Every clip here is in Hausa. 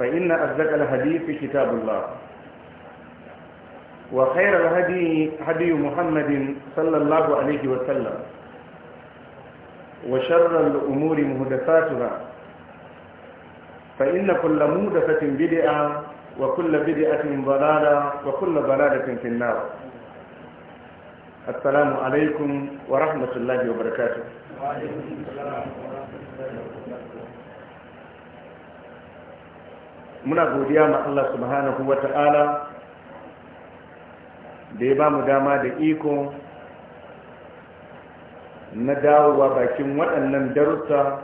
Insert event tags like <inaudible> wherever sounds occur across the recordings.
فإن أصدق الحديث كتاب الله وخير الهدي هدي محمد صلى الله عليه وسلم وشر الأمور مهدفاتها فإن كل مهدفة بدعة وكل بدعة ضلالة وكل ضلالة في النار السلام عليكم ورحمة الله وبركاته وعليكم السلام ورحمة الله وبركاته muna godiya ma Allah subhanahu wa ta'ala da ya ba mu dama da iko na dawowa bakin waɗannan darussa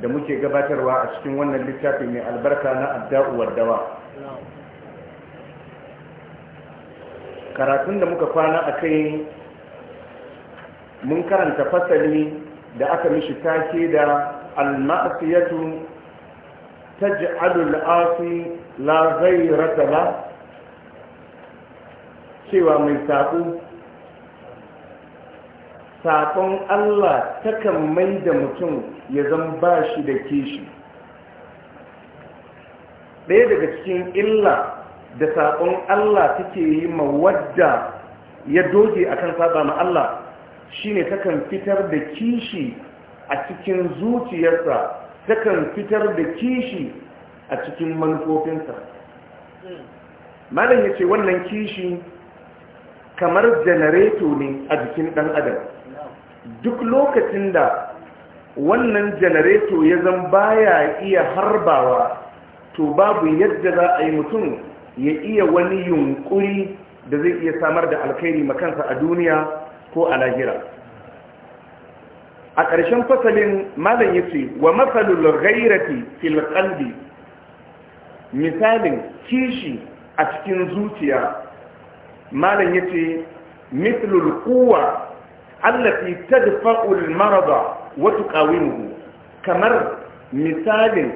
da muke gabatarwa a cikin wannan littafi mai albarka na adda'uwar dawa karatun da muka kwana a kai mun karanta fasali da aka mishi take da al-ma'asiyatu تجعل العاصي la غيرة له cewa mai saƙo saƙon Allah takan mai da mutum ya zan ba shi da kishi ɗaya daga cikin illa da saƙon Allah take yi ma wadda ya doge akan saba ma Allah shine takan fitar da kishi a cikin zuciyarsa takan fitar da kishi a cikin manufofinsa malam ya ce wannan kishi kamar janareto ne a jikin ɗan adam duk lokacin da wannan janareto ya zan baya iya harbawa to babu yadda za a yi mutum ya iya wani yunkuri da zai iya samar da alkhairi makansa a duniya ko a lahira a ƙarshen fasalin malam ya ce wa matsalul ghairati fil qalbi misalin kishi a cikin zuciya malam ya ce mithlul quwwa allati tadfa'u al marada wa tuqawimuhu kamar misalin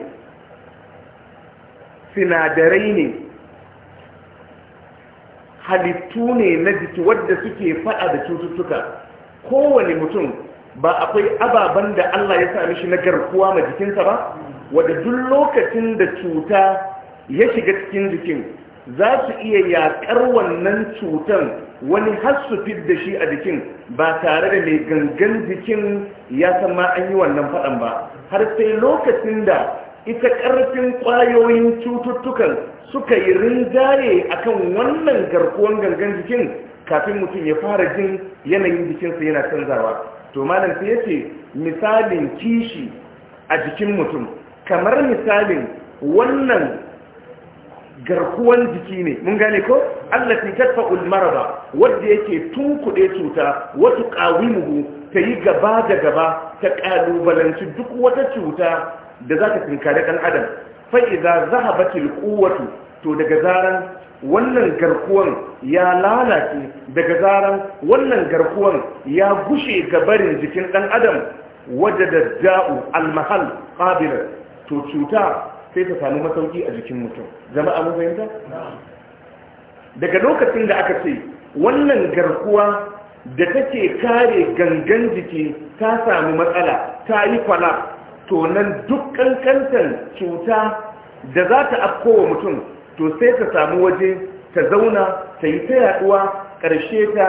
sinadarai ne halittu ne na jiki wadda suke fada da cututtuka kowane mutum ba akwai ababen da Allah ya sami shi na garkuwa ma jikinsa ba wadda duk lokacin da cuta ya shiga cikin jikin za su iya yaƙar wannan cutan wani har su da shi a jikin ba tare da mai gangan jikin ya san an yi wannan faɗan ba har sai lokacin da ita ƙarfin ƙwayoyin cututtukan suka yi rinjaye akan wannan garkuwan gangan jikin kafin mutum ya fara jin yanayin jikinsa yana canzawa to malam sai yace misalin kishi a jikin mutum kamar misalin wannan garkuwan jiki ne mun gane ko Allah allati ul marada wanda yake tunkude cuta wato qawimuhu ta yi gaba da gaba ta kalubalanci duk wata cuta da za ta tinkare ɗan adam fa idza zahabatil quwwatu to daga zaran wannan garkuwan ya lalace daga zaran wannan garkuwan ya gushe gabarin jikin ɗan adam wadda da da'u almahal ƙabilar to cuta sai ta sami masauki a jikin mutum zama a mafahimta? daga lokacin da aka ce wannan garkuwa da take kare gangan jiki ta sami matsala ta yi kwalaf to nan duk kankantar cuta da za ta afkowa mutum to sai ta samu waje ta zauna ta yi ta yaduwa ƙarshe ta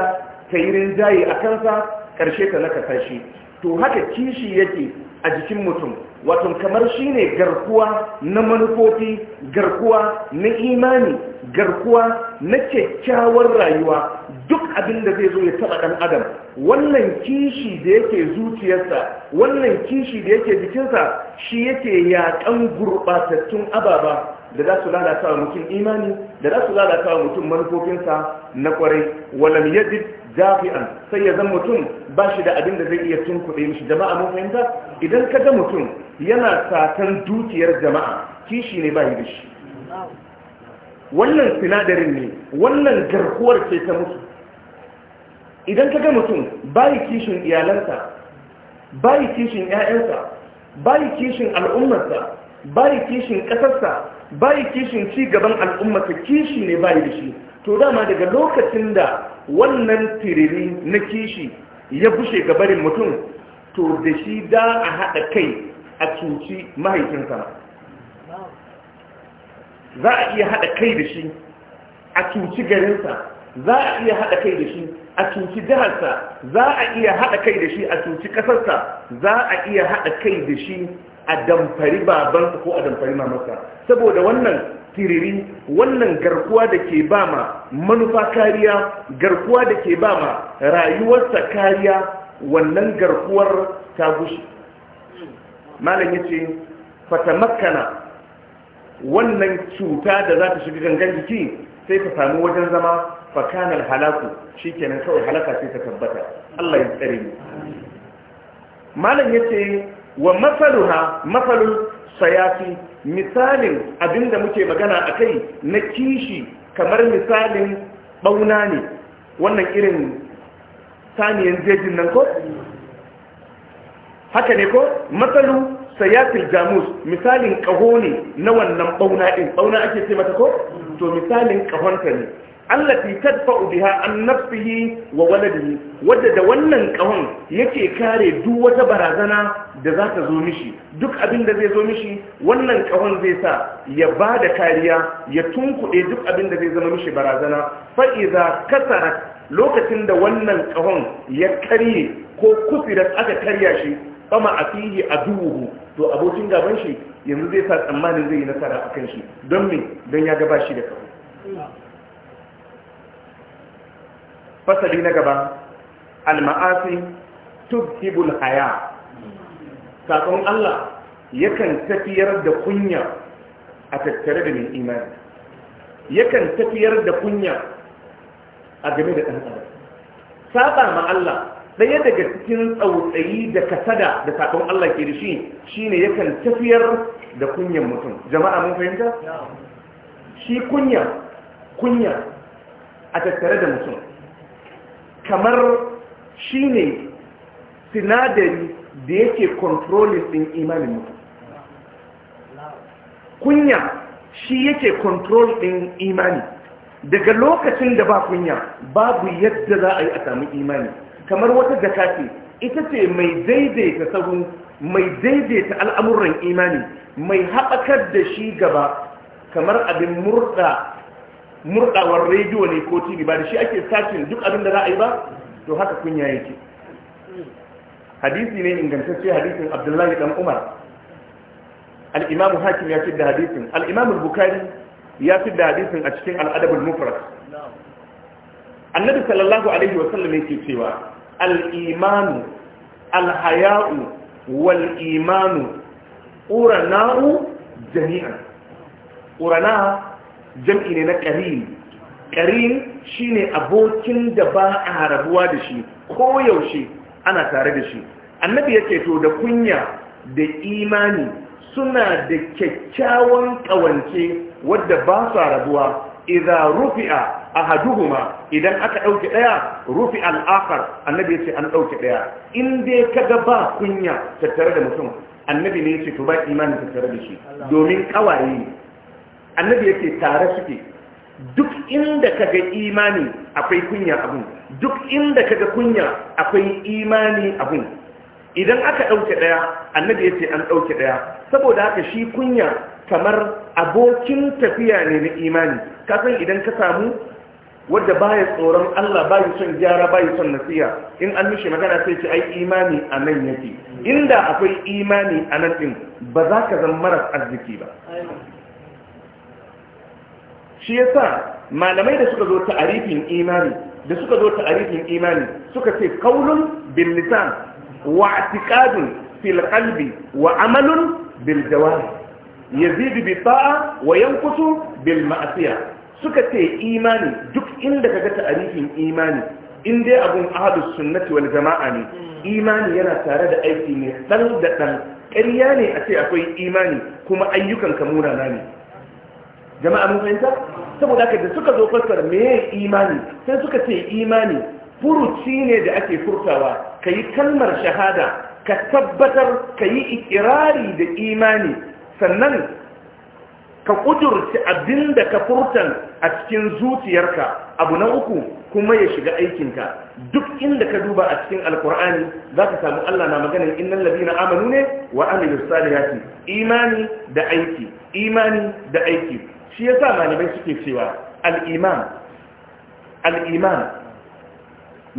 ta yi rinjaye a kansa ƙarshe ta naka tashi to haka kishi yake a jikin mutum wato kamar shi ne garkuwa na manufofi garkuwa na imani garkuwa na kyakkyawar rayuwa duk abin da zai zo ya taɓa ɗan adam wannan kishi da yake zuciyarsa wannan kishi da yake jikinsa shi yake yaƙan gurɓatattun ababa da za su lalata wa mutum imani da za su lalata wa mutum manufofinsa na kwarai walam yajid jafi'an sai ya zan mutum ba shi da abin da zai iya kuɗi mishi jama'a mun fahimta idan ka ga mutum yana satan dukiyar jama'a kishi ne ba da shi wannan sinadarin ne wannan garkuwar ce ta mutu idan ka ga mutum bayi kishin iyalansa bayi kishin 'ya'yansa bayi kishin al'ummarsa bayi kishin ƙasarsa bai kishin ci gaban al'ummata kishi ne bai da shi to dama daga lokacin da wannan tiriri na kishi ya bushe gabarin mutum to da shi da a haɗa kai a cuci mahaifinsa za a iya haɗa kai da shi a cuci garinsa za a iya haɗa kai da shi a cuci jiharsa za a iya haɗa kai da shi a cuci ƙasarsa za a iya haɗa kai da shi a damfari babansa ko a damfari mamarsa saboda wannan tiriri wannan garkuwa da ke ba ma manufa kariya garkuwa da ke ba ma rayuwarsa kariya wannan garkuwar ta gushi malam ya ce makana wannan cuta da za ta shiga gangan jiki sai ta samu wajen zama fakanar halaku shi kenan kawai halaka sai ta tabbata allah ya tsare malam ya ce wa mafaluha masalul sayasi misalin abinda muke magana a kai na kishi kamar misalin bauna ne wannan irin saniyan jejin nan ko haka ne ko matsalu sayatil jamus misalin kaho ne na wannan bauna din bauna ake ce mata ko to misalin kahonta ne allati tadfa'u biha an nafsihi wa waladihi wadda da wannan kahon yake kare duk wata barazana da za ta zo mishi duk abin da zai zo mishi wannan kahon zai sa ya ba da kariya ya tunkuɗe duk abin da zai zama mishi barazana fa'iza kasara lokacin da wannan kahon ya karye ko kufirar aka karya shi fama a fiye a duhu to abokin gaban shi yanzu zai sa tsammanin zai yi nasara a kan shi don me don ya gaba shi da kahon fasali na gaba alma'asi tubhibul haya sakon Allah yakan tafiyar da kunya a tattare da mai imani yakan tafiyar da kunya a game da ɗan adam saba ma Allah ɗaya daga cikin tsautsayi da kasada da sakon Allah ke da shi shine yakan tafiyar da kunyan mutum jama'a mun fahimta shi kunya kunya a tattare da mutum kamar shi ne sinadari da yake controlling ɗin imanin mutum kunya shi yake control ɗin imani daga lokacin da ba kunya babu yadda za a yi a sami imani kamar wata jaka ce ita ce mai daidaita sahun mai daidaita al'amuran imani mai haɓakar da shi gaba kamar abin murɗa murɗawar rediyo ne ko tv ba da shi ake sakin duk abin da za a yi ba to haka kun yayi ki. hadisi ne ingantacce hadisin abdullahi dan umar al'imamu hakim ya fi da hadisin al'imamu bukari ya fi da hadisin a cikin al'adabul mufrad annabi sallallahu alaihi wa sallam yake cewa al-haya'u wal imanu urana'u jami'an urana jam'i ne na karin ƙarin shi ne abokin da ba a rabuwa da shi ko yaushe ana tare da shi annabi ya to da kunya da imani suna da kyakkyawan ƙawance wadda ba su rabuwa idan rufi'a ahaduhuma idan aka ɗauki ɗaya rufi al'akar annabi ya ce an ɗauki ɗaya in dai kaga ba kunya tattare da mutum annabi ne ya ce to ba imani tattare da shi domin ƙawaye annabi yake tare suke duk inda kaga imani akwai kunya abun duk inda kaga kunya akwai imani abun idan aka ɗauke ɗaya annabi yace an ɗauke ɗaya saboda haka shi kunya kamar abokin tafiya ne na imani kasan idan ka samu wadda baya tsoron Allah baya son gyara baya son nasiya in an mishi magana sai ce ai imani a nan yake inda akwai imani a nan din ba za ka zama maras arziki ba shi yasa malamai da suka zo ta'arifin imani da suka zo ta'arifin imani suka ce qaulun bil lisan wa i'tiqadun fil wa amalun bil jawari yazidu bi ta'a wa yankusu bil ma'siyah suka ce imani duk inda ka ga ta'arifin imani in dai abun ahlus sunnati wal jama'a ne imani yana tare da aiki ne dal da ƙarya ne a ce akwai imani kuma ayyukan ka munana ne jama'a mun fahimta saboda haka da suka zo fassara meye imani sai suka ce imani furuci ne da ake furtawa Ka yi kalmar shahada ka tabbatar ka yi ikirari da imani sannan ka kudurci abinda ka furtan a cikin zuciyarka abu na uku kuma ya shiga aikinka duk inda ka duba a cikin alkur'ani za ka samu allah na maganin innan labina amanu ne wa amilus salihati imani da aiki imani da aiki shi yasa malamai suke cewa aliman aliman al-iman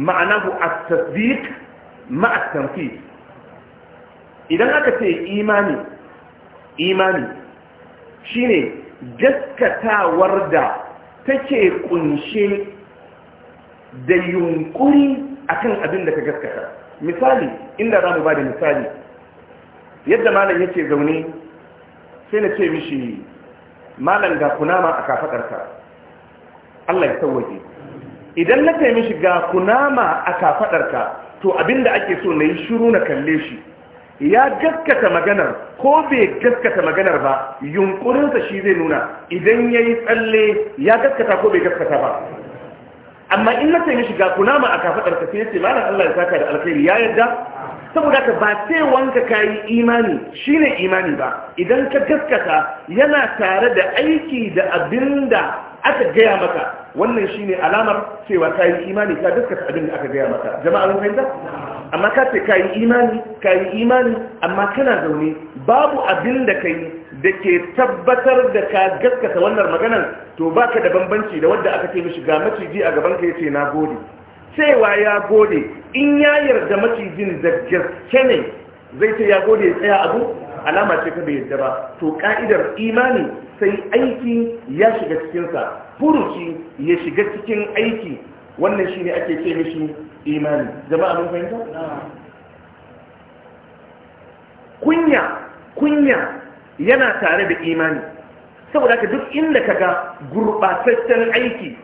ma'anahu at-tasdiq idan aka ce imani imani shi ne gaskatawar da take kunshe da yunkuri akan abin da ka gaskata misali inda za mu ba da misali yadda malam yake zaune sai na ce mishi malam ga kunama a kafadarka Allah ya sauwaje idan na taimi shi ga kunama a kafadarka to abinda ake so na yi shiru na kalle shi ya gaskata maganar ko bai gaskata maganar ba yunkurinsa shi zai nuna idan ya yi tsalle ya gaskata ko bai gaskata ba amma in na taimi shi ga kunama a kafadarka sai ya ce malam Allah ya saka da alkhairi ya yadda saboda ka ba cewanka ka yi imani shine imani ba idan ka gaskata yana tare da aiki da abin da aka gaya maka wannan shine alamar cewa ka yi imani ka gaskata abin da aka gaya maka jama'a mun fahimta amma ka ce ka yi imani ka yi imani amma kana zaune babu abin da ka yi da ke tabbatar da ka gaskata wannan maganar to baka da bambanci da wadda aka ce mishi ga maciji a gaban ka yace na gode cewa ya gode in ya yarda macijin da gaske ne zai ce ya gode ya tsaya abu alama ce ka bai yarda ba to ka'idar imani sai aiki ya shiga cikinsa furuci ya shiga cikin aiki wannan shi ne ake ce mishi imani jama'a mun fahimta kunya kunya yana tare da imani saboda ka duk inda ka ga gurɓataccen aiki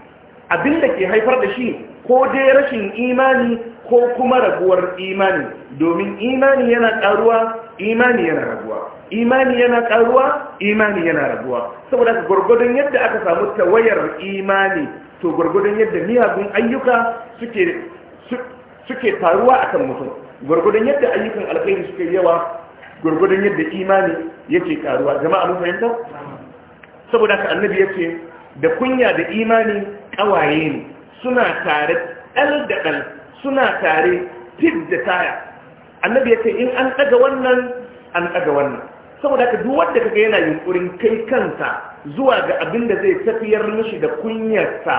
abin da ke haifar da shi ko dai rashin imani ko kuma raguwar imani domin imani yana karuwa imani yana raguwa imani yana karuwa imani yana raguwa saboda ka gwargwadon yadda aka samu tawayar imani to gwargwadon yadda miyagun ayyuka suke suke taruwa akan mutum gwargwadon yadda ayyukan alkhairi suke yawa gwargwadon yadda imani yake karuwa jama'a mun fahimta saboda ka annabi yace da kunya da imani ƙawaye ne suna tare ɗal da ɗal suna tare tit da taya annabi ya ce in an ɗaga wannan an ɗaga wannan saboda haka duk wanda kaga yana yunkurin kai kansa zuwa ga abin da zai tafiyar mishi da kunyarsa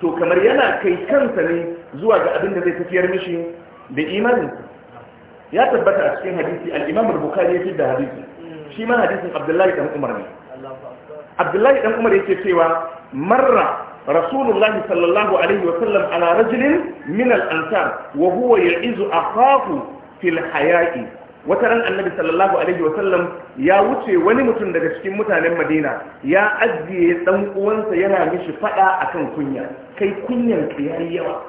to kamar yana kai kansa ne zuwa ga abin da zai tafiyar mishi da imaninsa ya tabbata a cikin hadisi al-imam al-bukhari yake da hadisi shi ma hadisin abdullahi dan umar ne abdullahi dan umar yake cewa marra رسول الله صلى الله عليه وسلم على رجل من الأنصار وهو يعز أخاه في الحياة wataran annabi sallallahu alaihi wasallam ya wuce wani mutum daga cikin mutanen madina ya ajiye dan uwansa yana mishi fada akan kunya kai kunyan ka yayi yawa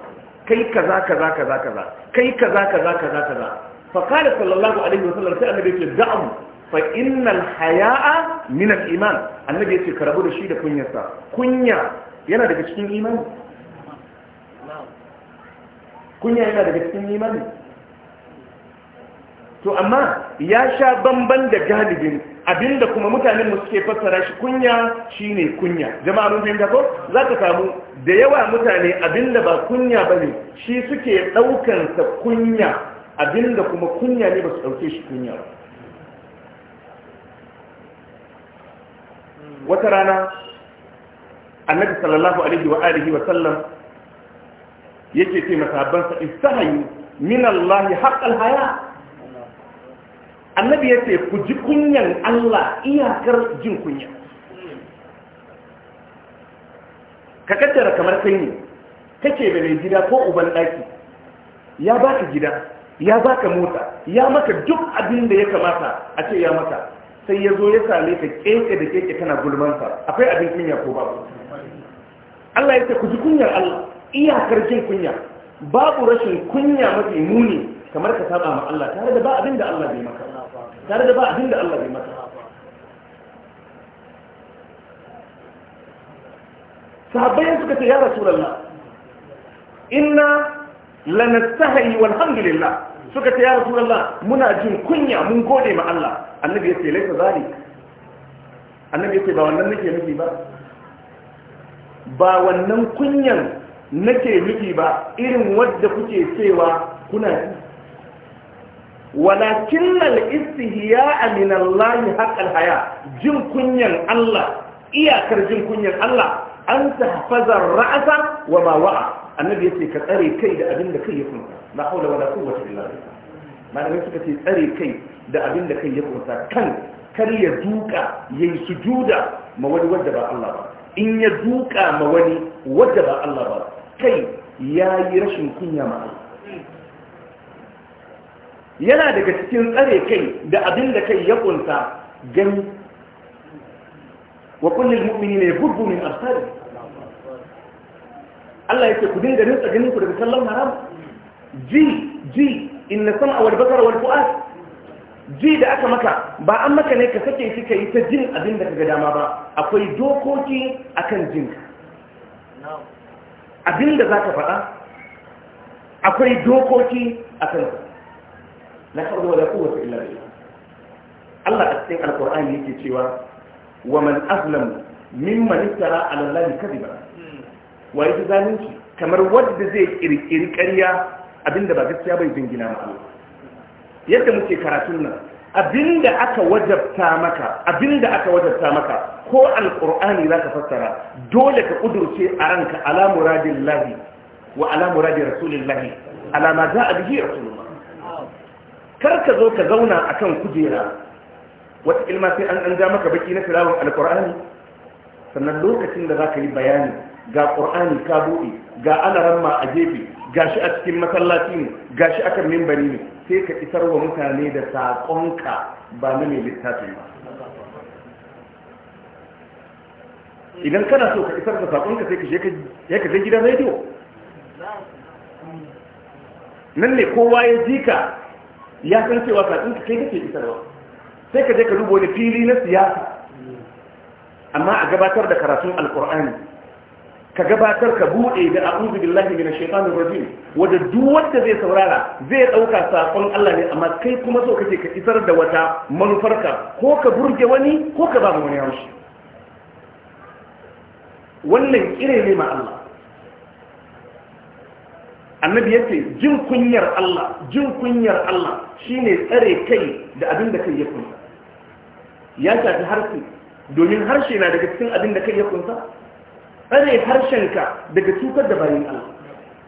kai kaza kaza kaza kaza kai kaza kaza kaza kaza fa qala sallallahu alaihi wasallam sai annabi ya da'u fa innal haya'a min al-iman annabi ya ce karabu da shi da kunyarsa kunya yana daga cikin imani kunya yana daga cikin imani to amma ya sha bamban da galibin abinda kuma mutanen mu suke fassara shi kunya shine kunya jama'a mun fahimta ko ka samu da yawa mutane abinda ba kunya bane shi suke ɗaukansa kunya abinda kuma kunya ne ba su dauke shi kunya ba wata rana annabi sallallahu alaihi wa alihi wa sallam yake ce masabansa istahayu min Allah haqqal haya annabi yace ku ji kunyan Allah iyakar jin kunya ka kaddara kamar kai ne kake da mai gida ko uban daki ya baka gida ya baka mota ya maka duk abin da ya kamata a ce ya maka sai ya zo ya same ka keke da keke kana gulmansa akwai abin kunya ko babu Allah ya ce ku kunyar Allah iyakar jin kunya babu rashin kunya mafi muni kamar ka saba ma Allah tare da ba abin da Allah bai maka tare da ba abin da Allah bai maka sahabbai suka ce ya rasulullah inna lanastahi walhamdulillah suka ce ya rasulullah muna jin kunya mun gode ma Allah annabi ya ce laisa zalik annabi ya ce ba wannan nake nufi ba ba wannan kunyan nake miki ba irin wadda kuke cewa kuna walakin al-istihya min Allah haqqal haya jin kunyan Allah iyakar jin kunyan Allah an tahfaza ra'asa wa ma wa'a annabi yace ka tsare kai da abin da kai ya kunsa Na hawla wala quwwata illa billah malamai suka ce tsare kai da abin da kai ya kunsa kan kar ya duka sujuda ma wani wadda ba Allah ba in ya duka ma wani wadda ba Allah ba kai ya yi rashin kunya ma Allah yana daga cikin tsare kai da abin da kai ya kunsa gani wa kullum mu'mini ne gurgu min absari Allah yake ku dinga rinsa ganin ku daga kallon haram ji ji inna sam'a wal basara wal fu'ad ji da aka maka ba an maka ne ka sake shi ka yi ta jin abin da kaga dama ba akwai dokoki akan jinka abin da za ka faɗa akwai dokoki akan na karbo da kowace illa Allah a cikin alkur'ani yake cewa wa man azlam mimman iftara ala Allah kadhiba wa yake zalunci kamar wanda zai kirkiri ƙarya da ba gaskiya bai jingina ma Allah yadda muke karatun nan abinda aka wajabta maka abinda aka wajabta maka ko alqur'ani zaka fassara dole ka kudurce a ranka ala Lahi wa ala muradi rasulillahi ala ma za'a bihi rasulullah kar ka zo ka zauna akan kujera wata ilma sai an an ja maka baki na tilawar alqur'ani sannan lokacin da zaka yi bayani ga qur'ani ka bude ga alaran ma a gefe gashi a cikin masallaci ne gashi akan mimbari ne sai ka isar wa mutane da saƙonka ba na mai littafi ba idan kana so ka isar da saƙonka sai ka je gidan rediyo nan ne kowa ya ji ka ya san cewa saƙonka kai kake isarwa sai ka je ka rubo wani fili na siyasa amma a gabatar da karatun alkur'ani ka gabatar ka bude da a'udhu billahi minash shaitanir rajim wanda duk wanda zai saurara zai dauka sakon Allah ne amma kai kuma so kake ka isar da wata manufarka ko ka burge wani ko ka ba mu wani haushi wannan kire ne ma Allah annabi yace jin kunyar Allah jin kunyar Allah shine tsare kai da abin da kai ya kunsa ya shafi harshe domin harshe na daga cikin abin da kai ya kunsa tsare ka daga cutar da bayan Allah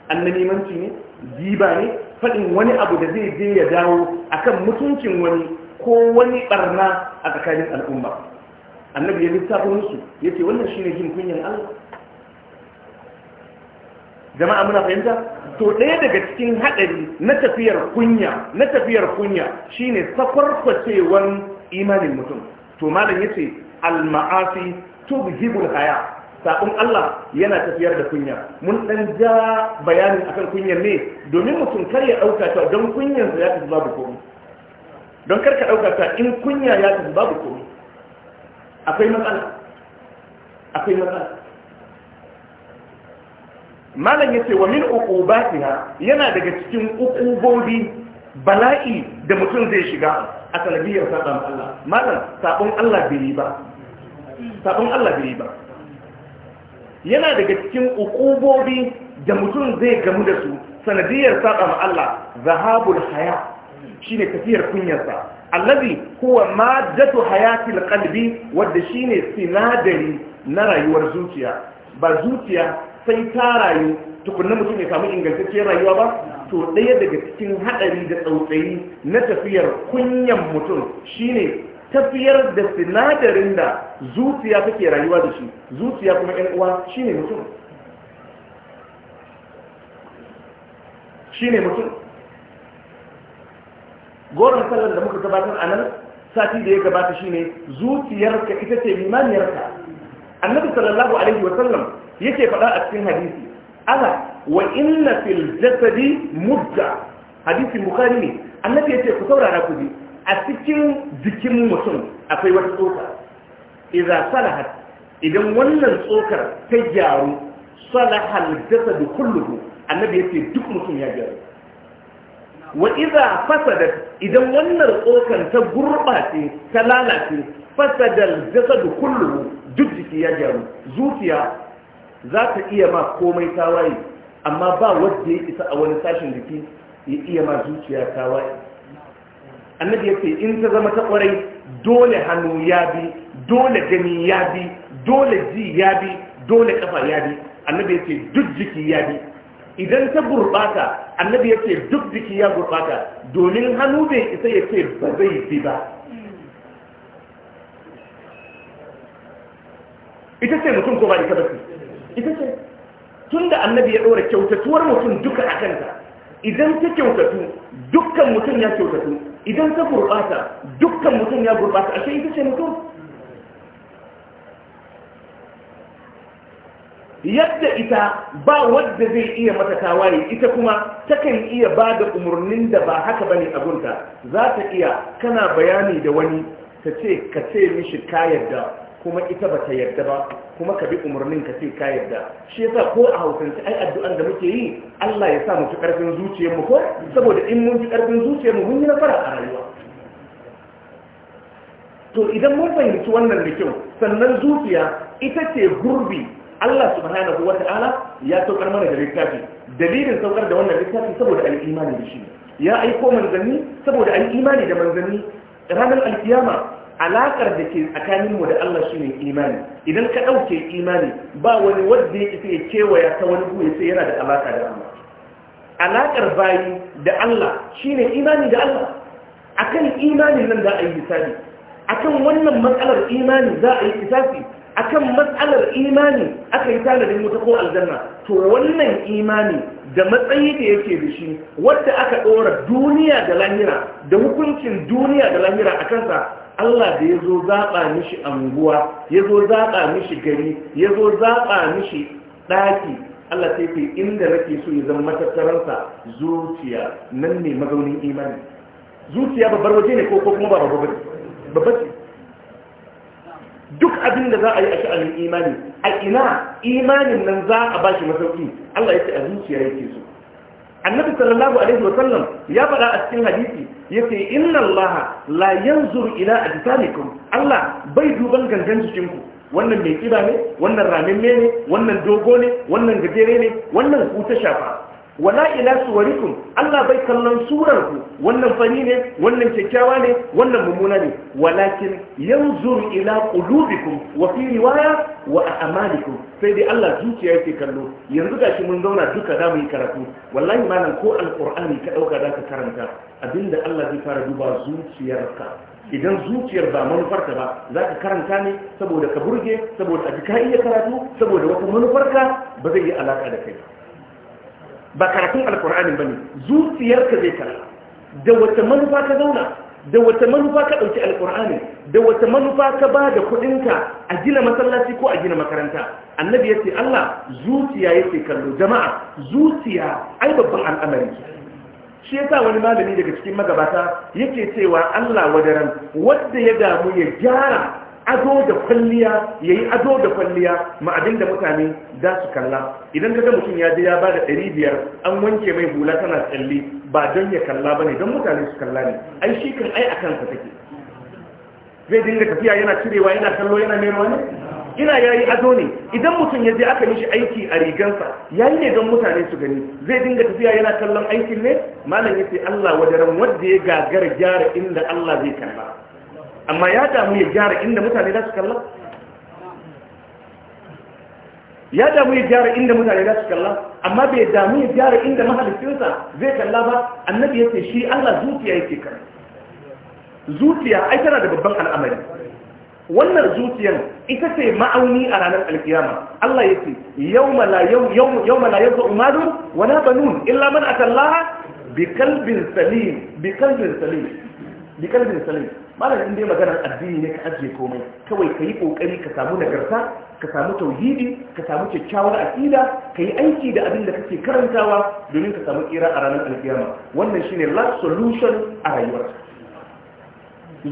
annamimanci ne giba ne faɗin wani abu da zai je ya dawo akan mutuncin wani ko wani barna a tsakanin al'umma annabi ya littafa musu ya ce wannan shi ne jin kunyan Allah jama'a muna fahimta to ɗaya daga cikin haɗari na tafiyar kunya na tafiyar kunya shine sakwarkwacewan imanin mutum to malam yace al-ma'asi tubhibul haya sabon Allah yana tafiyar da kunya mun dan ja bayanin akan kunyar ne domin mutum kar ya dauka ta don kunyar ya tafi babu komai don kar ka dauka ta in kunya ya tafi babu komai akwai matsala akwai matsala malam yace wa min uqubatiha yana daga cikin uqubobi bala'i da mutum zai shiga a sanadiyar sabon Allah malam sabon Allah bai ba sabon Allah bai ba yana daga cikin ukubobi da mutum zai gamu da su sanadiyar saƙa ma Allah zahabul haya ne tafiyar kunyarsa allazi huwa maddatu hayatil wadda wanda ne sinadari na rayuwar zuciya ba zuciya sai ta rayu tukunna mutum ya samu ingantacciyar rayuwa ba to ɗaya daga cikin haɗari da tsautsayi na tafiyar kunyan mutum shine tafiyar da sinadarin da zuciya take rayuwa da shi zuciya kuma yan uwa shine mutum shine mutum goron sallar da muka gabatar a nan sati da ya gabata shine zuciyarka ita ce limaniyarka annabi sallallahu alaihi wasallam yake faɗa a cikin hadisi ala wa inna fil jasadi mudda hadisin bukhari ne annabi yace ku saurara ku ji a cikin jikin mutum akwai wata tsoka idan salahat idan wannan tsokar ta gyaru salahal da kullu annabi yace duk mutum ya gyaru wa fasada idan wannan tsokar ta gurɓace, ta lalace fasadal da kullu duk jiki ya gyaru zuciya za ta iya ma komai ta waye, amma ba wanda ya isa a wani sashin jiki ya iya ma zuciya tawaye annabi ya ce in ta zama ta kwarai dole hannu ya bi dole gani ya bi dole ji ya bi dole kafa ya bi annabi ya ce duk jiki ya bi idan ta gurbata annabi ya ce duk jiki ya gurbata domin hannu bai isa ya ce ba zai bi ba ita ce mutum ko ba ita ba ita ce tun da annabi ya ɗora kyautatuwar mutum duka a kanta idan ta kyautatu dukkan mutum ya kyautatu idan ka gurɓata dukkan mutum ya gurɓata a sai ita ce mutum yadda ita ba wadda zai iya mata tawaye ita kuma takan iya ba da umarnin da ba haka bane abunta za ta iya kana bayani da wani ta ce ka ce mishi ka yadda kuma ita ba ta yarda ba kuma ka bi umarnin ka ce ka yarda shi yasa ko a hausance ai addu'an da muke yi Allah ya sa mu ci karfin zuciyar mu ko saboda in mun ci karfin zuciyar mu mun yi nasara a rayuwa to idan mun fahimci wannan da kyau sannan zuciya ita ce gurbi Allah subhanahu wata'ala ya saukar mana da littafi dalilin saukar da wannan littafi saboda al'imani da shi ya aiko manzanni saboda al'imani da manzanni ranar alkiyama Alaƙar da ke tsakaninmu da Allah shi ne imani idan ka ɗauke imani ba wani wadda ya isa ya kewaya ta wani kuma sai yana da alaka da Allah alakar bayi da Allah shi ne imani da Allah A kan imani nan za a yi misali kan wannan matsalar imani za a yi kisafi kan matsalar imani aka yi tanadin wuta ko aljanna to wannan imani da matsayi da yake da shi wadda aka ɗora duniya da lahira da hukuncin duniya da lahira a kansa Allah da ya zo zaɓa mishi anguwa ya zo zaɓa mishi gari ya zo zaɓa mishi ɗaki Allah sai ce inda nake so ya zama matattararsa zuciya nan ne mazaunin imani zuciya babbar waje ne ko kuma ba babbar duk abin da za a yi a sha'anin imani a ina imanin nan za a ba shi masauki Allah ya ce a zuciya yake so annabi sallallahu alaihi wasallam ya faɗa a cikin hadisi yace inna allaha la yanzuru ila ajsamikum allah bai duban gangan jikinku wannan mai kiba ne wannan ramin ne wannan dogo ne wannan gajere ne wannan ku shafa wala ila suwarikum Allah bai kallon surar ku wannan fani ne wannan kyakkyawa ne wannan mummuna ne walakin yanzur ila qulubikum wa fi riwaya wa a'malikum sai dai Allah zuciya yake kallo yanzu gashi mun zauna duka mu yi karatu wallahi malam ko alqur'ani ka dauka zaka karanta abinda Allah zai fara duba zuciyarka idan zuciyar ba manufarka ba za ka karanta ne saboda ka burge saboda a ka iya karatu saboda wata manufarka ba zai yi alaka da kai ba karatun alkur'anin ba ne zuciyarka zai kalla da wata manufa ka zauna da wata manufa ka ɗauki alkur'ani da wata manufa ka ba da kuɗinka a gina masallaci ko a gina makaranta annabi ya ce allah zuciya yake kallo jama'a zuciya ai babban al'amari shi yasa wani malami daga cikin magabata yake cewa allah wadaran wanda ya damu ya gyara ado da kwalliya ya yi ado da kwalliya ma'adin da mutane za su kalla idan ka mutum ya je ya ba da ɗari biyar an wanke mai hula tana tsalle, ba don ya kalla ba ne don mutane su kalla ne ai shi kan ai a kansa take zai dinga tafiya yana cirewa yana kallo yana nema ne ina ya yi ado ne idan mutum ya je aka mishi aiki a rigansa ya yi ne don mutane su gani zai dinga tafiya yana kallon aikin ne malam ya ce allah wadaran wanda ya gagara gyara inda allah zai kalla amma ya damu ya gyara inda mutane za su kalla ya damu ya gyara inda mutane za su kalla amma bai damu ya gyara inda mahalicinsa zai kalla ba annabi ya ce shi Allah zuciya yake kan zuciya ai tana da babban al'amari wannan zuciyar ita ce ma'auni a ranar alkiyama Allah ya ce yawma la yanzu umaru wala banun illa man atallaha bi kalbin salim bi kalbin salim bi kalbin salim malam in dai maganar addini ne ka ajiye komai kawai ka yi kokari ka samu nagarta ka samu tauhidi ka samu kyakkyawar aqida ka yi aiki da abin da kake karantawa domin ka samu kira a ranar alkiyama wannan shine last solution a rayuwarka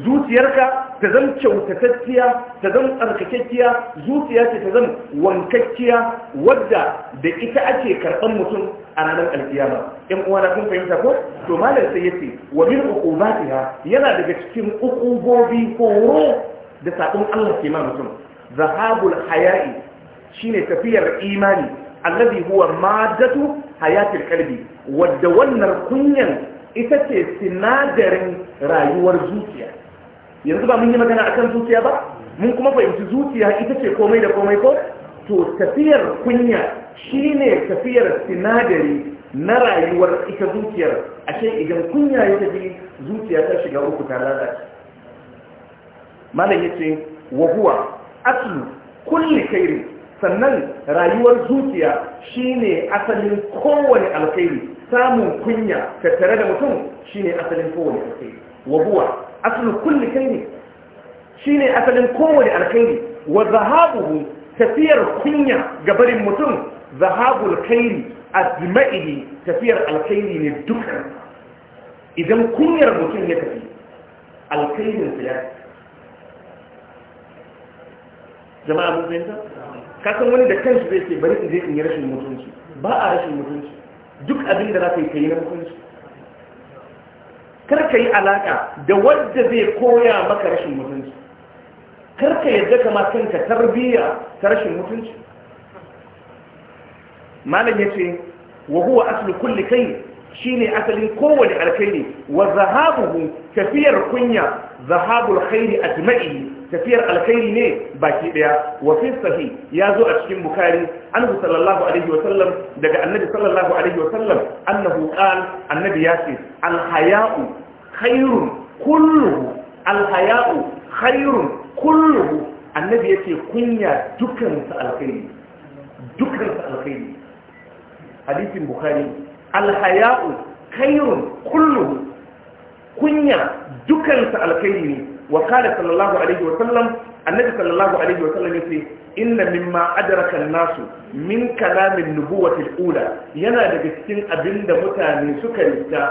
zuciyarka ta zan kyautatacciya ta zan tsarkakakkiya zuciya ce ta zan wankakkiya wadda da ita ake karɓan mutum a ranar alkiyama yan uwana kun fahimta ko to malam sai yace wa min uqubatiha yana daga cikin uqubobi ko ro da sabon Allah ke ma mutum zahabul haya'i shine tafiyar imani allazi huwa maddatu hayatil qalbi wadda wannan kunyan ita ce sinadarin rayuwar zuciya yanzu ba mun yi magana akan zuciya ba mun kuma fahimci zuciya ita ce komai da komai ko to tafiyar kunya shine tafiyar sinadari na rayuwar ita zuciyar ashe idan kunya ya tafi zuciya ta shiga uku ta lalace malam yace wa huwa aslu kulli khairi sannan rayuwar zuciya shine asalin kowane alkhairi samun kunya tattare da mutum shine asalin kowane alkhairi wa huwa aslu kulli khairi shine asalin kowane alkhairi wa zahabuhu tafiyar kunya ga barin mutum zahabul khairi azma'ihi tafiyar alkhairi ne dukkan idan kunyar mutum ya tafi alkhairin sa ya jama'a mun fahimta kasan wani da kansu zai ce bari in je in yi rashin mutunci ba a rashin mutunci duk abin da za ka yi ka yi na mutunci karka yi alaƙa da wadda zai koya maka rashin mutunci karka yadda kama kanka tarbiyya ta rashin mutunci malam ya ce wa huwa kulli kai shine asalin kowane alkhairi wa zahabuhu tafiyar kunya zahabul khairi jima'i tafiyar alkhairi ne baki daya wa fi ya zo a cikin bukhari annabi sallallahu alaihi wa sallam daga annabi sallallahu alaihi wa sallam annahu qala annabi yace al haya'u khairun kulluhu alhaya'u khairun kulluhu annabi yake kunya dukansa alkhairi dukansa alkhairi hadisin bukhari alhaya'u khairun kulluhu kunya dukansa alkhairi ne wa qala sallallahu alaihi wa sallam annabi sallallahu alaihi wa sallam yace inna mimma adraka an-nasu min kalamin nubuwati al-ula yana daga cikin abinda mutane suka rita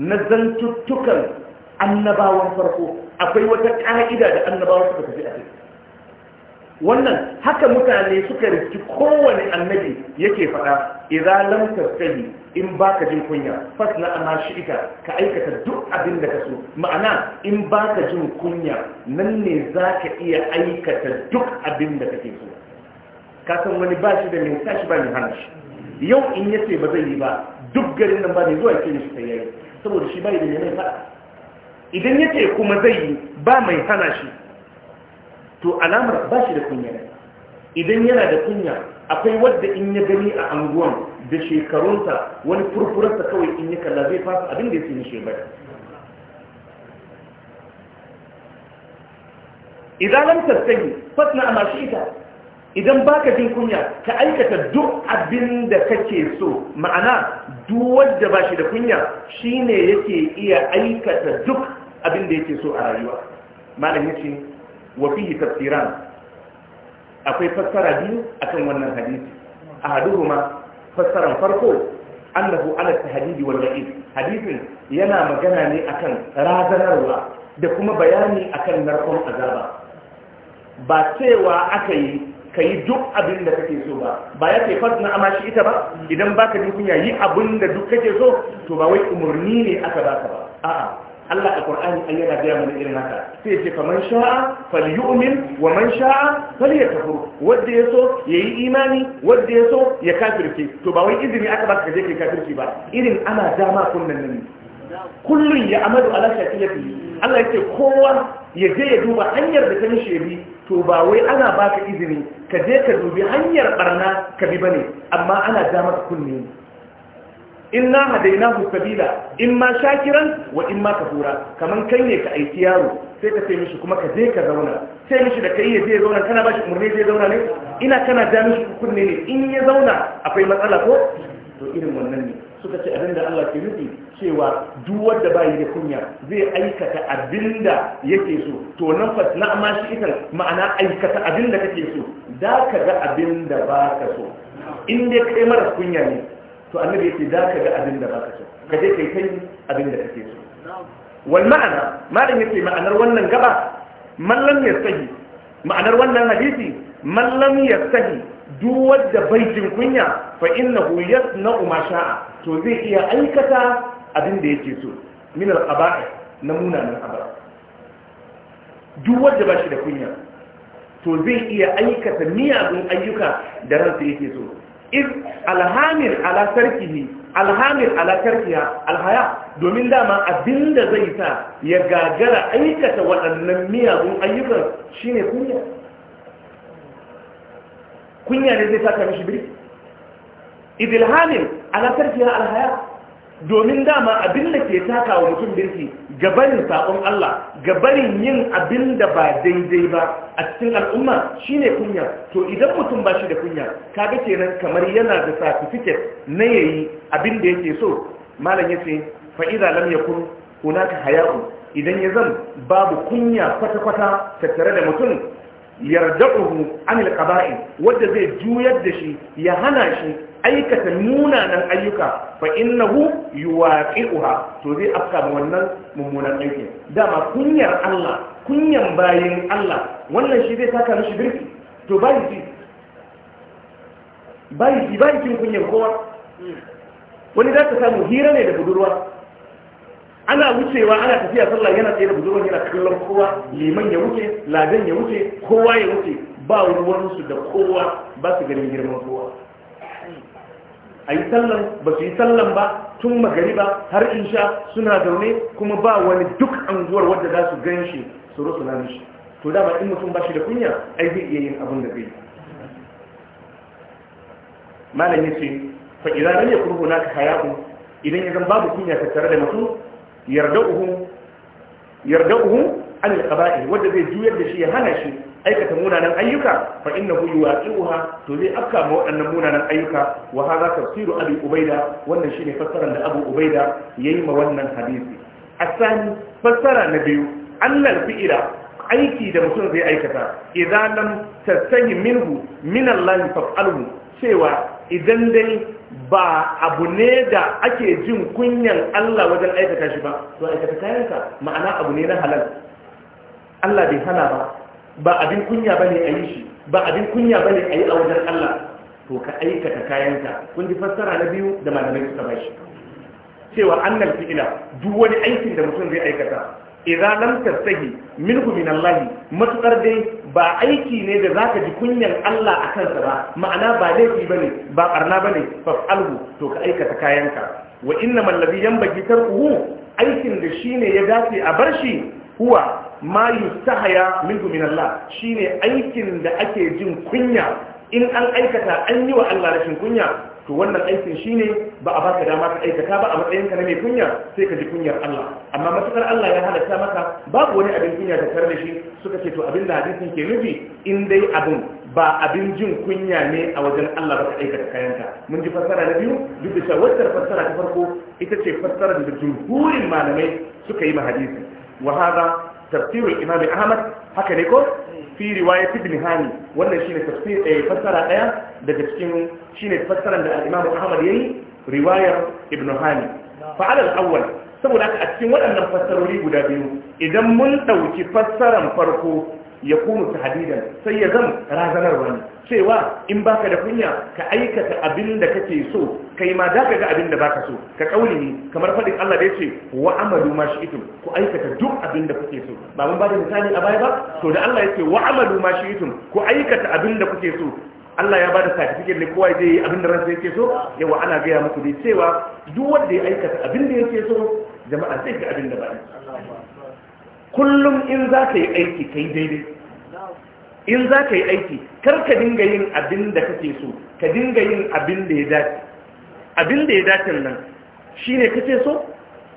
na zantuttukan annabawan farko akwai wata ƙa'ida da annabawan suka tafi a kai wannan haka mutane suka riski kowane annabi yake faɗa idan lam tasali in baka jin kunya fasna amma ita ka aikata duk abin da ka so ma'ana in baka jin kunya nan ne zaka iya aikata duk abin da kake so ka san wani ba shi da mai tashi ba mai hannu yau in yace ba zai yi ba duk garin nan ba ne zuwa yake shi sai yayi saboda shi bai da yanayi faɗa, idan ya ce kuma zai yi ba mai hana shi to alamar ba shi da kunya idan yana da kunya akwai wadda in ya gani a anguwan da shekarunta wani furfurarsa kawai in ya kalla zai fasa abin da ya sinu shi bai idan lam tastahi fasna ma ita. idan ba ka jin kunya ka aikata duk abin da kake so ma'ana duk wanda ba shi da kunya shi ne yake iya aikata duk abin da yake so a rayuwa malam yace wa fihi tafsiran akwai fassara biyu akan wannan hadisi ahaduhuma fassaran farko annahu ala tahdidi wal hadisin yana magana ne akan razanarwa da kuma bayani akan narkon azaba ba cewa aka yi ka yi duk abin da kake so ba ba ya ce fasna amma shi ita ba idan baka jin kunya yi abin da duk kake so to ba wai umarni ne aka ka ba a'a Allah a Qur'ani an yana gaya mana irin haka sai ce faman sha'a falyu'min wa man sha'a falyakfur wanda yaso yayi imani wanda yaso ya kafirce to ba wai izini aka baka kaje kai kafirci ba irin ana dama kunnan nan kullum ya amadu ala shafiyati Allah yake kowa ya je ya duba hanyar da ta mishi bi to ba wai ana baka izini ka je ka dubi hanyar barna ka bi bane amma ana ja maka kunne inna hadainahu sabila ma shakiran wa in ma kafura kaman kai ne ka aiki yaro sai ka sai mishi kuma ka je ka zauna sai mishi da kai ya je zauna kana bashi murne zai zauna ne ina kana ja mishi kunne ne in ya zauna akwai matsala ko to irin wannan ne suka ce abin da Allah ke nufi cewa duk wanda bai da kunya zai aikata abin da yake so to nan fa na amma shi ita ma'ana aikata abin da kake so da ka ga abin da ba ka so in dai kai mara kunya ne to annabi yake da ka ga abin da ba ka so ka je kai kai abin da kake so wal ma'ana malam yake ma'anar wannan gaba mallam ya sahi ma'anar wannan hadisi mallam ya sahi duk wanda bai jin kunya fa innahu yasna'u ma sha'a to zai iya aikata abin da yake so min al na munanan abara duk wanda ba shi da kunya to zai iya aikata miyagun ayyuka da ransa yake so iz alhamir ala sarki ne, alhamir ala sarkiha alhaya domin dama da zai sa ya gagara aikata waɗannan miyagun ayyukan shi ne kunya kunya ne zai saka mishi biri idil hamil alakarfiya alhaya domin dama abin da ke taka wa mutum birki gabarin sabon Allah gabanin yin abin da ba daidai ba a cikin al'umma shine kunya to idan mutum ba shi da kunya kaga kenan kamar yana da certificate na yayi abin da yake so malam yace fa idza lam yakun hunaka haya'u idan ya zan babu kunya kwata-kwata tattare da mutum yarda'uhu anil qaba'i wanda zai juyar da shi ya hana shi aikata munanan ayyuka fa innahu yuwaqi'uha to zai afka da wannan mummunan aikin dama kunyar Allah kunyan bayin Allah wannan shi zai saka mishi birki to bayi ji bayi ji bayi kin kunyar kowa wani za ka samu hira ne da budurwa ana wucewa ana tafiya sallah yana tsaye da budurwa yana kallon kowa liman ya wuce ladan ya wuce kowa ya wuce ba ruwansu da kowa ba su ganin girman kowa a yi sallan ba su yi sallan ba tun ba har in sha suna zaune kuma ba wani duk anguwar wadda za su gan shi su rusu na mishi to dama in mutum ba shi da kunya ai zai iya yin abin da zai malam ya ce fa idan lam yakun hunaka idan ya zan babu kunya tattare da mutum yarda'uhu yarda'uhu an al-qaba'i wanda zai juyar da shi ya hana shi aikata munanan ayyuka fa innahu wuha to zai afka ma waɗannan munanan ayyuka wa hadha tafsiru abi ubaida wannan shine fassara da abu ubaida yayi ma wannan hadisi asani fassara na biyu annal fi'ila aiki da mutum zai aikata idan lam tastahi minhu min Allah fa'alhu cewa idan dai ba abu ne da ake jin kunyan Allah wajen aikata shi ba to aikata kayansa ma'ana abu ne na halal Allah bai hana ba ba abin kunya bane a yi shi ba abin kunya bane a yi a wajen Allah to ka aikata kayanka kun ji fassara na biyu da malamai suka bashi cewa annal fi'ila duk wani aikin da mutum zai aikata idza lam tastahi minhu min Allah matukar dai ba aiki ne da zaka ji kunyan Allah akan sa ba ma'ana ba laifi bane ba barna bane fa'alhu to ka aikata kayanka wa innamal ladhi yanbaghi tarkuhu aikin da shine ya dace a bar shi huwa ma yustahaya minhu min Allah shine aikin da ake jin kunya in an aikata an yi wa Allah rashin kunya to wannan aikin shine ba a baka dama ka aikata ba a matsayin ka na mai kunya sai ka ji kunyar Allah amma matukar Allah ya halatta maka babu wani abin kunya da tare da shi suka ce to abin da hadisin ke nufi in dai abin ba abin jin kunya ne a wajen Allah ba ka aikata kayanka mun ji fassara na biyu duk da cewa fassara ta farko ita ce fassarar da jumhurin malamai suka yi ma hadisi wa hada tafsirul imam ahmad haka ne ko fi riwayat hani wannan shine tafsir eh fassara daya daga cikin shine fassaran da al-imam ahmad yayi riwayar ibn hani fa ala al-awwal saboda a cikin waɗannan fassarori guda biyu idan mun ɗauki fassaran farko ya kunu tahdidan sai ya zama razanar ne cewa in baka da kunya ka aikata abin da kake so kai ma ka ga abin da baka so ka kauli ne kamar faɗin Allah da ce wa amalu ma shi'tum ku aikata duk abin da kuke so ba mun ba da misali a baya ba to da Allah ce wa amalu ma shi'tum ku aikata abin da kuke so Allah ya bada certificate ne kowa zai yi abin da ransa yake so yawa ana gaya muku dai cewa duk wanda ya aikata abin da yake so jama'a zai ga abin da ba kullum in za ka yi aiki kai daidai in za ka yi aiki kar ka dinga yin abin da kake so ka dinga yin abin da ya dace abin da ya dace nan shi ne kake so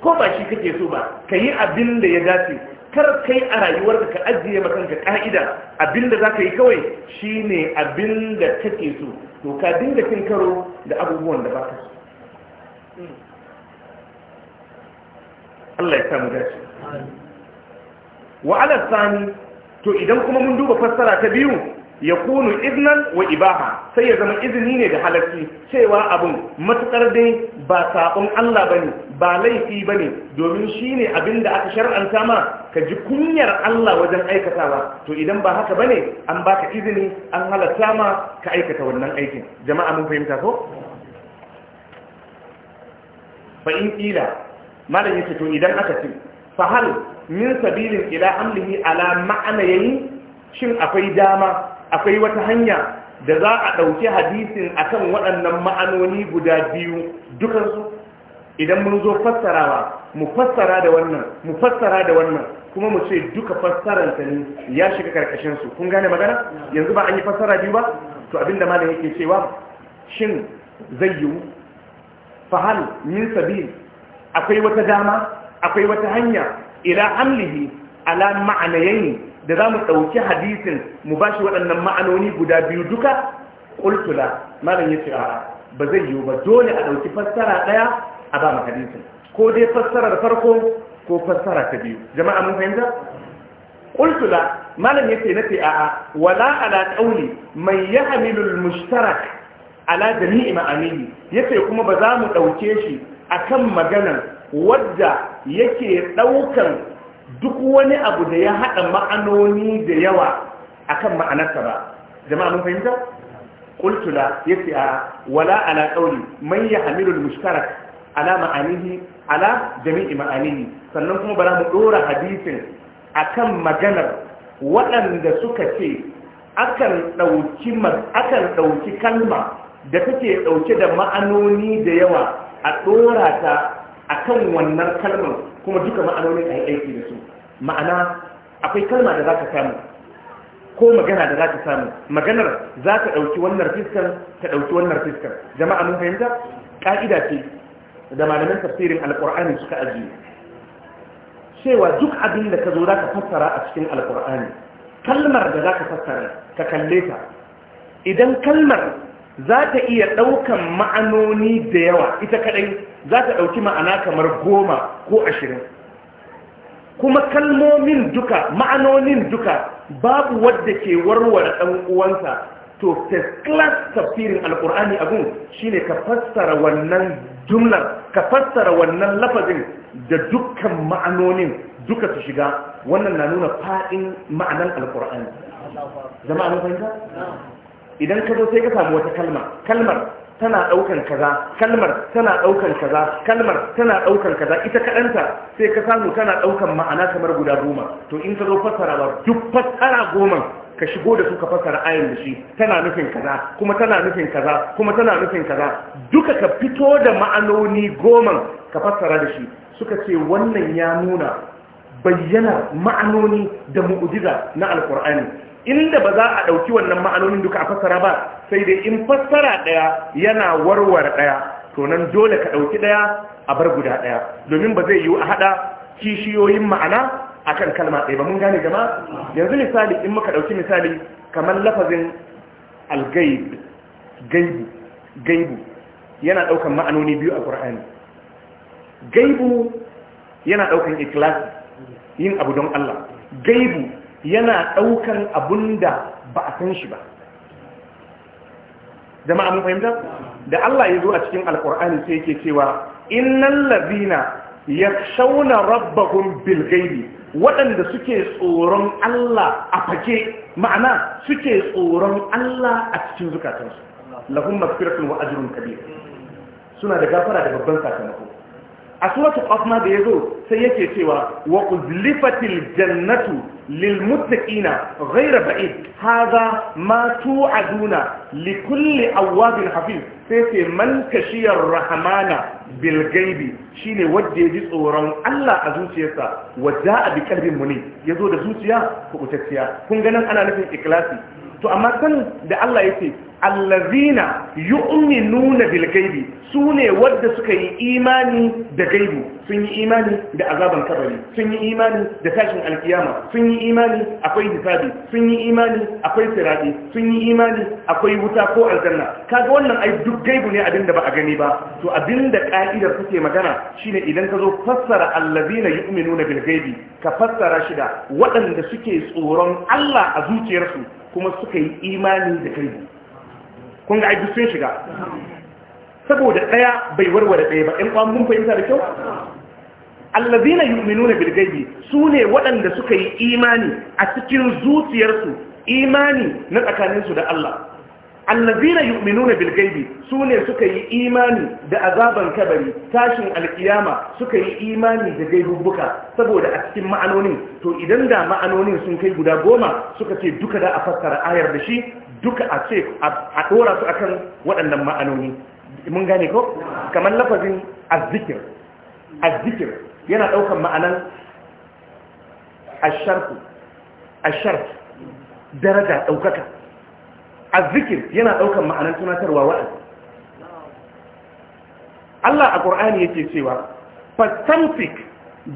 ko ba shi kake so ba ka yi abin da ya dace kar kai a rayuwarka ka ajiye makanka ka'ida abin da za ka yi kawai shi ne abin da kake so to ka dinga cin karo da abubuwan da ba ka so hmm. Allah ya samu dace. wa ala sani to idan kuma mun duba fassara ta biyu ya kunu iznan wa ibaha sai ya zama izini ne da halarci cewa abin matukar dai ba saɓon Allah ba ne ba laifi ba ne domin shi ne abin da aka shar'anta ma ka ji kunyar Allah wajen aikatawa to idan ba haka ba ne an baka izini an halarta ma ka aikata wannan aikin jama'a mun fahimta ko? fa in ƙila malamin ce to idan aka ce fa hal min sabilin ila amlihi ala ma'ana yayi shin akwai dama akwai wata hanya da za a ɗauki hadisin akan waɗannan ma'anoni guda biyu dukansu idan mun zo fassarawa mu fassara da wannan mu fassara da wannan kuma mu ce duka ta ne ya shiga karkashin su kun gane magana yanzu ba an yi fassara biyu ba to abinda malam yake cewa shin zai yiwu fahal min sabil akwai wata dama akwai wata hanya ila hamlihi ala ma'anayaini da za mu ɗauki hadisin mu ba shi waɗannan ma'anoni guda biyu duka ƙultula malam ya ce a ba zai yiwu ba dole a ɗauki fassara ɗaya a ba mu hadisin ko dai fassarar farko ko fassara ta biyu jama'a mun fahimta ƙultula malam ya ce na ce a wala ala ƙauli mai ya hamilul mushtarak ala jami'i ma'amili ya ce kuma ba za mu ɗauke shi akan maganar wadda yake ɗaukar duk wani abu da ya haɗa ma'anoni da yawa akan ma'anarsa ba jama'a mun fahimta kultula yace a wala ala qawli man yahmilu al-mushtarak ala ma'anihi ala jami'i ma'anihi sannan kuma bara mu dora hadisin akan maganar waɗanda suka ce akan ɗauki akan dauki kalma da take ɗauke da ma'anoni da yawa a ɗorata. ta akan wannan kalmar kuma duka ma'anoni a yi aiki da su ma'ana akwai kalma da za ka samu ko magana da za ka samu maganar za ta ɗauki wannan fiskar ta ɗauki wannan fiskar jama'a mun fahimta ƙa'ida ce da malamin tafsirin alƙur'ani suka ajiye cewa duk abin da ka zo za ka fassara a cikin alƙur'ani kalmar da za ka fassara ka kalle ta idan kalmar za ta iya ɗaukan ma'anoni da yawa ita kaɗai za ta ɗauki ma'ana kamar goma ko ashirin kuma kalmomin duka ma'anonin duka babu wadda ke warware ɗan uwansa to first class tafsirin alkur'ani abun shine ka fassara wannan jumlar ka fassara wannan lafazin da dukkan ma'anonin duka su shiga wannan na nuna faɗin ma'anan alkur'ani zama an fahimta idan ka zo sai ka samu wata kalma kalmar tana ɗaukan kaza kalmar tana ɗaukan kaza kalmar tana ɗaukan kaza ita kaɗanta sai ka samu tana ɗaukan ma'ana kamar guda goma to in ka zo fassara ba duk fassara goma ka shigo da su ka fassara ayin da shi tana nufin kaza kuma tana nufin kaza kuma tana nufin kaza duka ka fito da ma'anoni goman ka fasara da shi suka ce wannan ya nuna bayyana ma'anoni da mu'ujiza na alkur'ani inda ba za a ɗauki wannan ma'anonin duka a fassara ba sai dai in fassara ɗaya yana warware ɗaya to nan dole ka ɗauki ɗaya a bar guda ɗaya domin ba zai yiwu a haɗa kishiyoyin ma'ana akan kalma ɗaya ba mun gane gama yanzu misali in muka ɗauki misali kamar lafazin algaib gaibu gaibu yana ɗaukan ma'anoni biyu a ƙur'ani gaibu yana ɗaukan ikilasi yin abu don Allah gaibu yana ɗaukan abun da ba a san shi ba jama'a mun fahimta da Allah ya zo a cikin alkur'ani sai yake cewa innal ladina yakhshawna rabbahum bil ghaibi waɗanda suke tsoron Allah a fake ma'ana suke tsoron Allah a cikin zukatansu lahum maghfiratun wa ajrun kabir suna da gafara da babban sakamako a suratul qasma da yazo sai yake cewa wa uzlifatil jannatu lil muttaqina ghayra ba'id hadha ma tu'aduna li kulli awabin hafiz sai ce man kashiyar rahmana bil gaibi shine wanda yaji tsoron Allah a zuciyarsa a bi kalbin muni yazo da zuciya ko kutacciya kun ganin ana nufin ikhlasi to amma kan da Allah yake allazina yu'minuna bil gaibi sune wadda suka yi imani da gaibi sun yi imani da azaban kabari sun yi imani da tashin alkiyama sun yi imani akwai hisabi sun yi imani akwai sirati sun yi imani akwai wuta ko aljanna kaga wannan ai duk gaibu ne abinda ba a gani ba to abinda ka'idar kuke magana shine idan ka zo fassara allazina yu'minuna bil bilgaibi, ka fassara shi da waɗanda suke tsoron Allah a zuciyarsu kuma suka yi imani da gaibi kun ga aiki sun shiga saboda ɗaya bai warware ɗaya ba ɗan ƙwan mun fahimta da kyau allazina yu'minuna bil ghaibi ne waɗanda suka yi imani a cikin zuciyarsu imani na tsakaninsu da Allah allazina yu'minuna bil ghaibi sune suka yi imani da azaban kabari tashin alkiyama suka yi imani da gaibubbuka saboda a cikin ma'anonin to idan da ma'anonin sun kai guda goma suka ce duka da a fassara ayar da shi duka a ce a dora su akan waɗannan ma'anoni mun gane ko kamar lafazin azzikir azzikir yana ɗaukan ma'anan asharku asharku daraja ɗaukaka azzikir yana ɗaukar ma'anar tunatarwa wa'azi Allah a ƙur'ani yake cewa fastamsik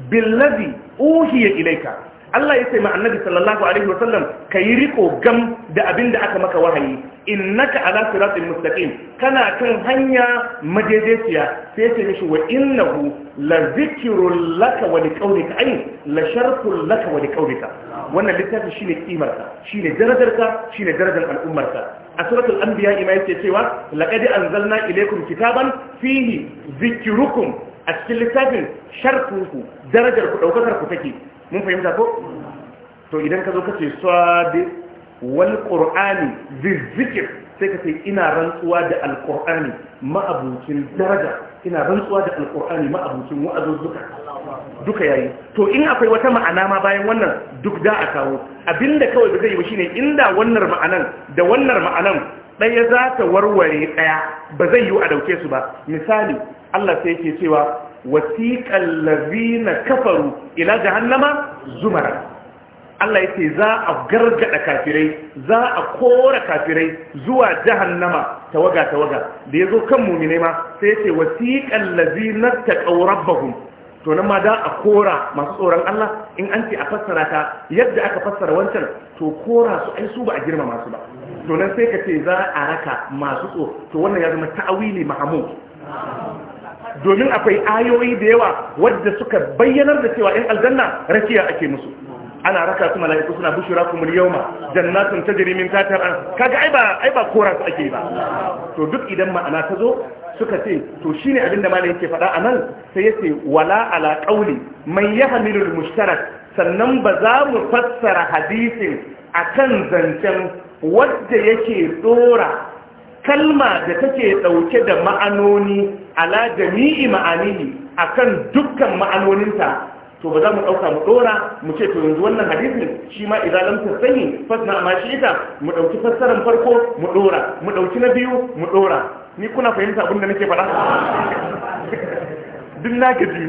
billazi uhiya ilaika Allah ya ce ma annabi sallallahu alaihi wasallam kayi riko gam da abin da aka maka wahayi innaka ala siratin mustaqim kana kan hanya madaidaiciya sai ce mishi wa innahu la zikrul laka wa liqaulika ay la sharful laka wa liqaulika wannan littafi shine kimarka shine darajarka shine darajar al'ummarka a suratul anbiya ima yake cewa laqad anzalna ilaykum kitaban fihi zikrukum a cikin littafin sharfuku darajar ku ɗaukakar ku take mun fahimta ko to idan ka zo ka ce sadi wal qur'ani zikr sai ka ce ina rantsuwa da alqur'ani ma'abucin daraja ina rantsuwa da alqur'ani ma'abucin wa'azuzzuka duka yayi to in akwai wata ma'ana ma bayan wannan duk da a kawo abinda kawai zai yi shine inda wannan ma'anan da wannan ma'anan ɗaya za ta warware ɗaya ba zai yi a dauke su ba misali Allah sai yake cewa wasiƙan lazina kafaru ila jahannama zumara Allah ya ce za a gargada kafirai za a kora kafirai zuwa jahannama tawaga tawaga da ya zo kan mu'mine ma sai yace wasiqal ladzina taqaw rabbahum to nan ma da a kora masu tsoron Allah in an ce a fassara ta yadda aka fassara wancan to kora su ai su ba a girma masu ba to nan sai ka ce za a raka masu tsoro to wannan ya zama ta'awili mahmud domin akwai ayoyi da yawa wadda suka bayyanar da cewa in aljanna rakiya ake musu ana raka su mala'iku suna bushura kuma yauma jannatun tajri min tahtiha an kaga ai ba ai ba kora su ake ba to duk idan ma'ana ta zo suka ce to shine abinda malai yake faɗa anan sai yace wala ala mai man yahmilul mushtarak sannan ba za mu fassara hadisin akan zancen wadda yake dora kalma da take dauke da ma'anoni ala jami'i ma'anihi akan dukkan ma'anoninta to ba za mu ɗauka mu ɗora mu ce to yanzu wannan hadisin shi ma idan lam tasani fasna ma shi ita mu ɗauki fassarar farko mu ɗora mu ɗauki na biyu mu ɗora ni kuna fahimta abin da nake faɗa <laughs> duk na gaji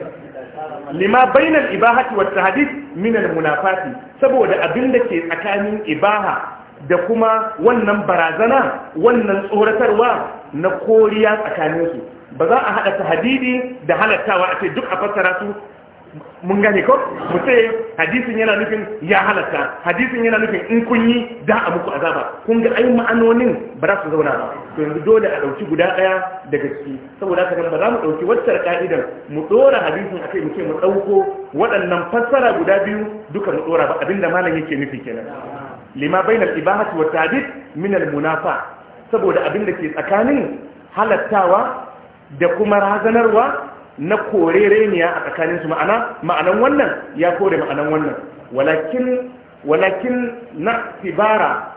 <laughs> lima bainal ibahati wa tahdid min al munafati saboda abin da ke tsakanin ibaha da kuma wannan barazana wannan tsoratarwa na koriya tsakaninsu ba za a haɗa hadidi da halattawa a ce duk a fassara su mun gane ko mu ce hadisin yana nufin ya halatta hadisin yana nufin in kun yi da a muku azaba kun ga ai ma'anonin ba za su zauna ba to yanzu dole a dauki guda daya daga ciki saboda haka nan ba za mu dauki waccar ka'idar mu dora hadisin akai mu ce mu dauko waɗannan fassara guda biyu duka mu dora ba abinda malam yake nufi kenan lima bainal ibahati wa tadid min al munafa saboda abin da ke tsakanin halattawa da kuma razanarwa na kore reniya a tsakanin su ma'ana ma'anan wannan ya kore ma'anan wannan walakin walakin na tibara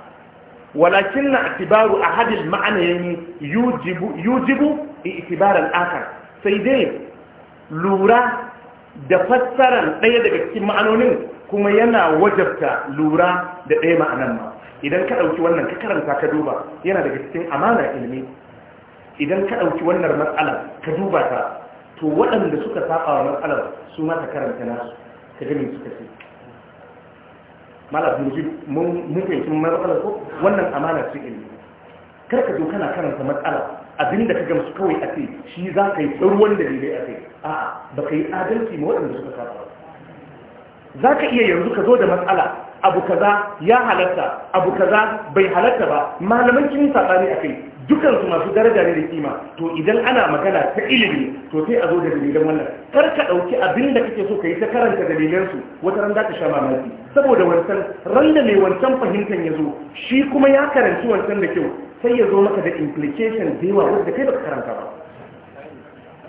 walakin na tibaru ahadil ma'anayin yujibu yujibu itibaran akar sai dai lura da fassarar ɗaya daga cikin ma'anonin kuma yana wajabta lura da ɗaya ma'anan ma idan ka ɗauki wannan ka karanta ka duba yana daga cikin amana ilimi idan ka ɗauki wannan matsalar ka duba ta to waɗanda suka saba wa matsalar su ma ta karanta nasu ka gani suka ce malam muji mun fahimci matsalar ko wannan amana ce ilimi kar ka zo kana karanta matsala abinda ka gamsu kawai a ce shi za ka yi tsaruwan da daidai a ce a'a ba ka yi adalci ma waɗanda suka saba za ka iya yanzu ka zo da matsala abu kaza ya halatta abu kaza bai halatta ba malaman kin saɓani a kai dukansu masu daraja ne da kima to idan ana magana ta ilimi to sai a zo da dalilan wannan kar ka ɗauki abin da kake so ka yi ta karanta dalilansu wata ran za ka sha mamaki saboda wancan ran da mai wancan fahimtar ya zo shi kuma ya karanci wancan da kyau sai ya zo maka da implication da yawa wanda kai ba ka karanta ba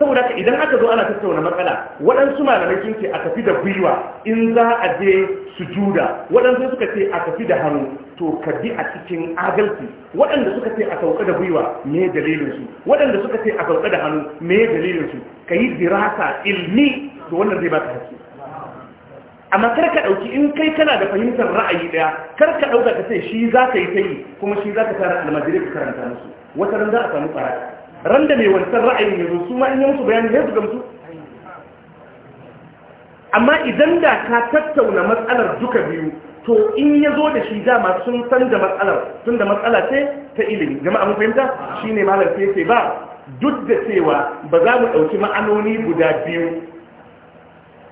saboda ka idan aka zo ana tattauna matsala waɗansu malamai sun ce a tafi da gwiwa in za a je sujuda waɗansu suka ce a tafi da hannu to ka bi a cikin adalci waɗanda suka ce a sauka da gwiwa me dalilin su waɗanda suka ce a sauka da hannu me dalilin su ka yi dirasa ilmi to wannan zai baka haske amma kar ka ɗauki in kai kana da fahimtar ra'ayi ɗaya kar ka ɗauka ka ce shi za ka yi ta yi kuma shi za ka tara almajirai ka karanta musu wata ran za a samu ɓaraka ran da mai wancan ra'ayin yanzu su ma in yi musu bayani ne su gamsu amma idan da ka tattauna matsalar duka biyu to in ya zo da shi dama sun san da matsalar tun da matsala ce ta ilimi jama'a mun fahimta shine malam fese ba duk da cewa ba za mu ɗauki ma'anoni guda biyu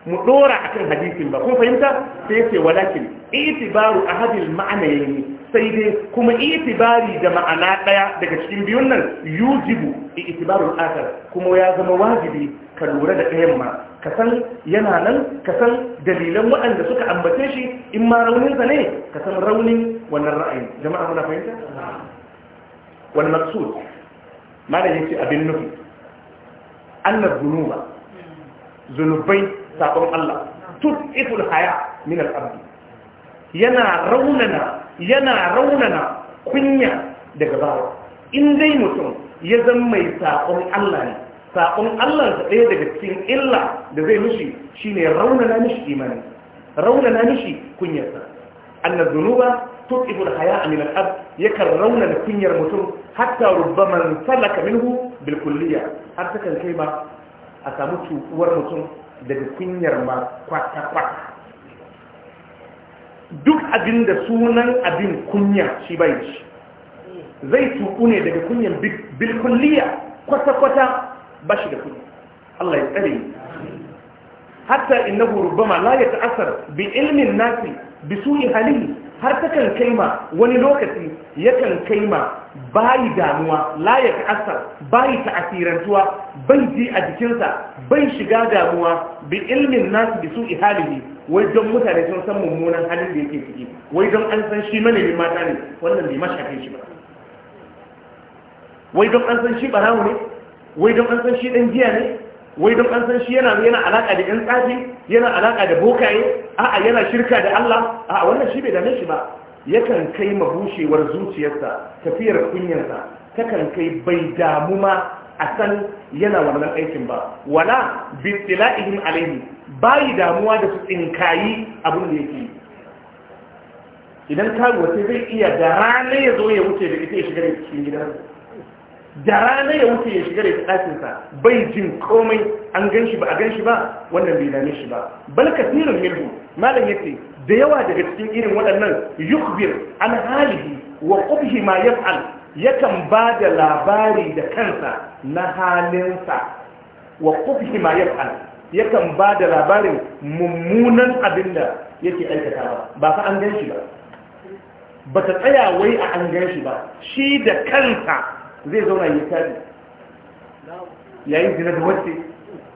mu dora akan hadisin ba kun fahimta sai yace walakin itibaru ahadil ma'anayn sai dai kuma itibari da ma'ana daya daga cikin biyun nan yujibu itibaru al kuma ya zama wajibi ka lura da ɗayan ma ka san yana nan ka san dalilan waɗanda suka ambace shi in ma rauninsa ne ka san raunin wannan ra'ayin jama'a muna fahimta wani maksud malam yace abin nufi annar zunuba zunubai sabon Allah yana raunana kunya daga bawa in dai mutum ya zan mai sabon Allah ne sabon Allah ɗaya daga cikin illa da zai mushi shi ne raunana mishi imani raunana mishi kunyarsa annar zunuba a yakan raunana kunyar mutum hatta rubba man tsallaka minhu bilkulliya har ta kai ba a samu cuwar mutum daga kunyar ma kwata-kwata duk abin da sunan abin kunya shi bai shi zai tuku ne daga kunyan bilkulliya kwata-kwata ba shi da kunya Allah ya tsare hatta innahu rubama la ta'asar. bi ilmin nasi bi su'i halihi har takan ma wani lokaci yakan ma bayi damuwa layak asar bayi ta'asirantuwa bai ji a jikinsa bai shiga damuwa bi ilmin nasu bi su ihalihi wai don mutane sun san mummunan halin da yake ciki wai don an san shi manemin mata ne wannan bai mashafe shi ba wai don an san shi barawo ne wai don an san shi dan giya ne wai don an san shi yana yana alaka da yan tsafi yana alaka da bokaye a'a yana shirka da Allah a'a wannan shi bai dame shi ba yakan kai mabushewar zuciyarsa tafiyar kunyarsa takan kai bai damu ma a san yana wannan aikin ba wala bi tila'ihim alaihi bai damuwa da su tsinkayi abin da yake idan karuwa sai zai iya da rana ya zo ya wuce da ita ya shiga cikin gidansa da rana ya wuce ya shiga da ita bai jin komai an gan shi ba a gan ba wannan bai dame shi ba bal kasirin minhu malam yace da yawa daga cikin irin waɗannan yukbir an halihi wa qubhi ma yaf'al yakan ba da labari da kansa na halinsa wa qubhi ma yaf'al yakan ba da labarin mummunan abin da yake aikatawa ba fa an gan ba ba ta tsaya wai a an gan ba shi da kansa zai zauna mai tabi Yayi zina da wacce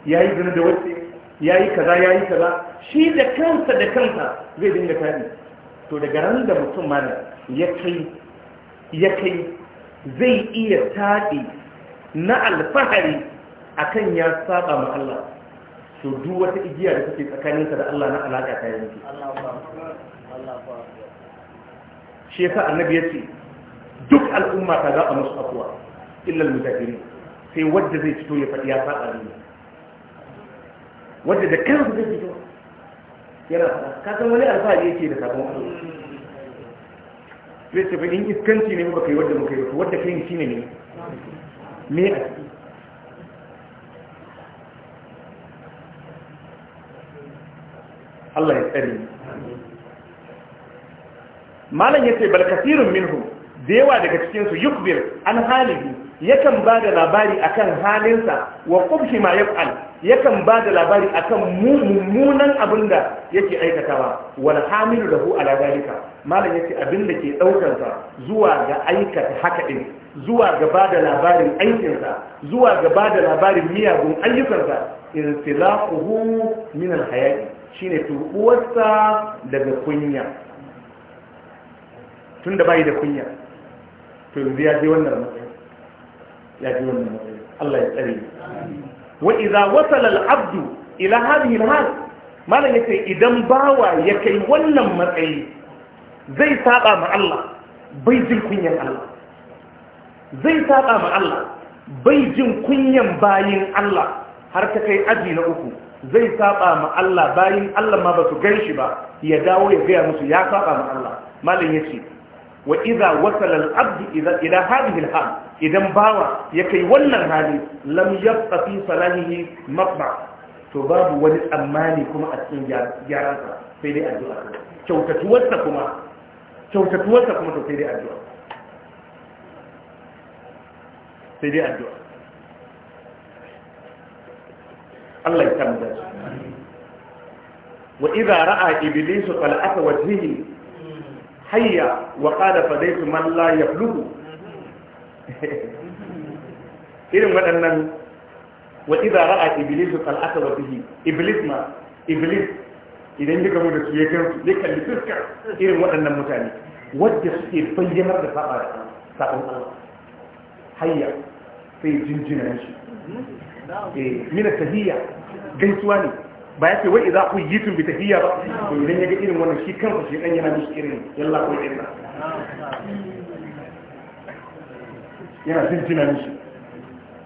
Yayi zina da wacce Yayi kaza yayi kaza shi da kansa da kansa zai dinga tabi to daga ran da mutum mana ya kai ya kai zai iya tabi na alfahari akan ya saba ma Allah to duk wata igiya da take tsakaninsa da Allah na alaka ta yanki shi yasa annabi ya ce duk al'umma ta za a musu afuwa illal mujahirin sai wadda zai fito ya fadi ya saba ne wadda da kansa zai fito yana faɗa ka san wani alfahari yake da sabon Allah sai ce fa in iskanci ne baka yi wadda muka yi wadda kai shi ne ne me a ciki Allah ya tsare malam yace bal kasirun minhum da yawa daga cikinsu yukbir an halihi yakan ba da labari akan halinsa wa kubshi ma yaf'al yakan ba da labari akan mummunan abin da yake aikatawa wal hamilu lahu ala zalika malam yake abin da ke daukar zuwa ga aikata haka din zuwa ga ba da labarin aikinsa zuwa ga ba da labarin miyagun ayyukansa irtilaquhu min al shine tubuwarsa daga kunya tunda bai da kunya to yanzu ya je wannan matsayi ya je wannan matsayi Allah ya tsare wa idza wasala al-abdu ila hadhihi al-hal malan yace idan bawa ya kai wannan matsayi zai saba ma Allah bai jin kunyan Allah zai saba ma Allah bai jin kunyan bayin Allah har ta kai aji na uku zai saba ma Allah bayin Allah ma ba su gan shi ba ya dawo ya gaya musu ya saba ma Allah malam yace wa idza wasala al-abd idza ila hadhihi al-hal idan bawa ya kai wannan hali lam yabqa fi salahihi maqba to babu wani tsammani kuma a cikin gyaran sa sai dai addu'a kyautatuwar kuma kyautatuwar kuma to sai dai addu'a sai dai addu'a Allah ya kamata wa idza ra'a iblisu qal'ata wajhihi hayya wa qala fadaitu man la yablugu irin waɗannan wa idza ra'a iblis qal'ata wa bihi iblis ma iblis idan duka mu da su ya kan ya kalli fuskar irin waɗannan mutane wadda suke bayyanar da saba da sabon Allah hayya sai jinjina shi eh mina tahiyya gaisuwa ne ba ya ce wai za ku yi tun bita hiya ba idan ya ga irin wannan shi kansa shi dan yana mishi irin yalla ko illa yana jin tuna shi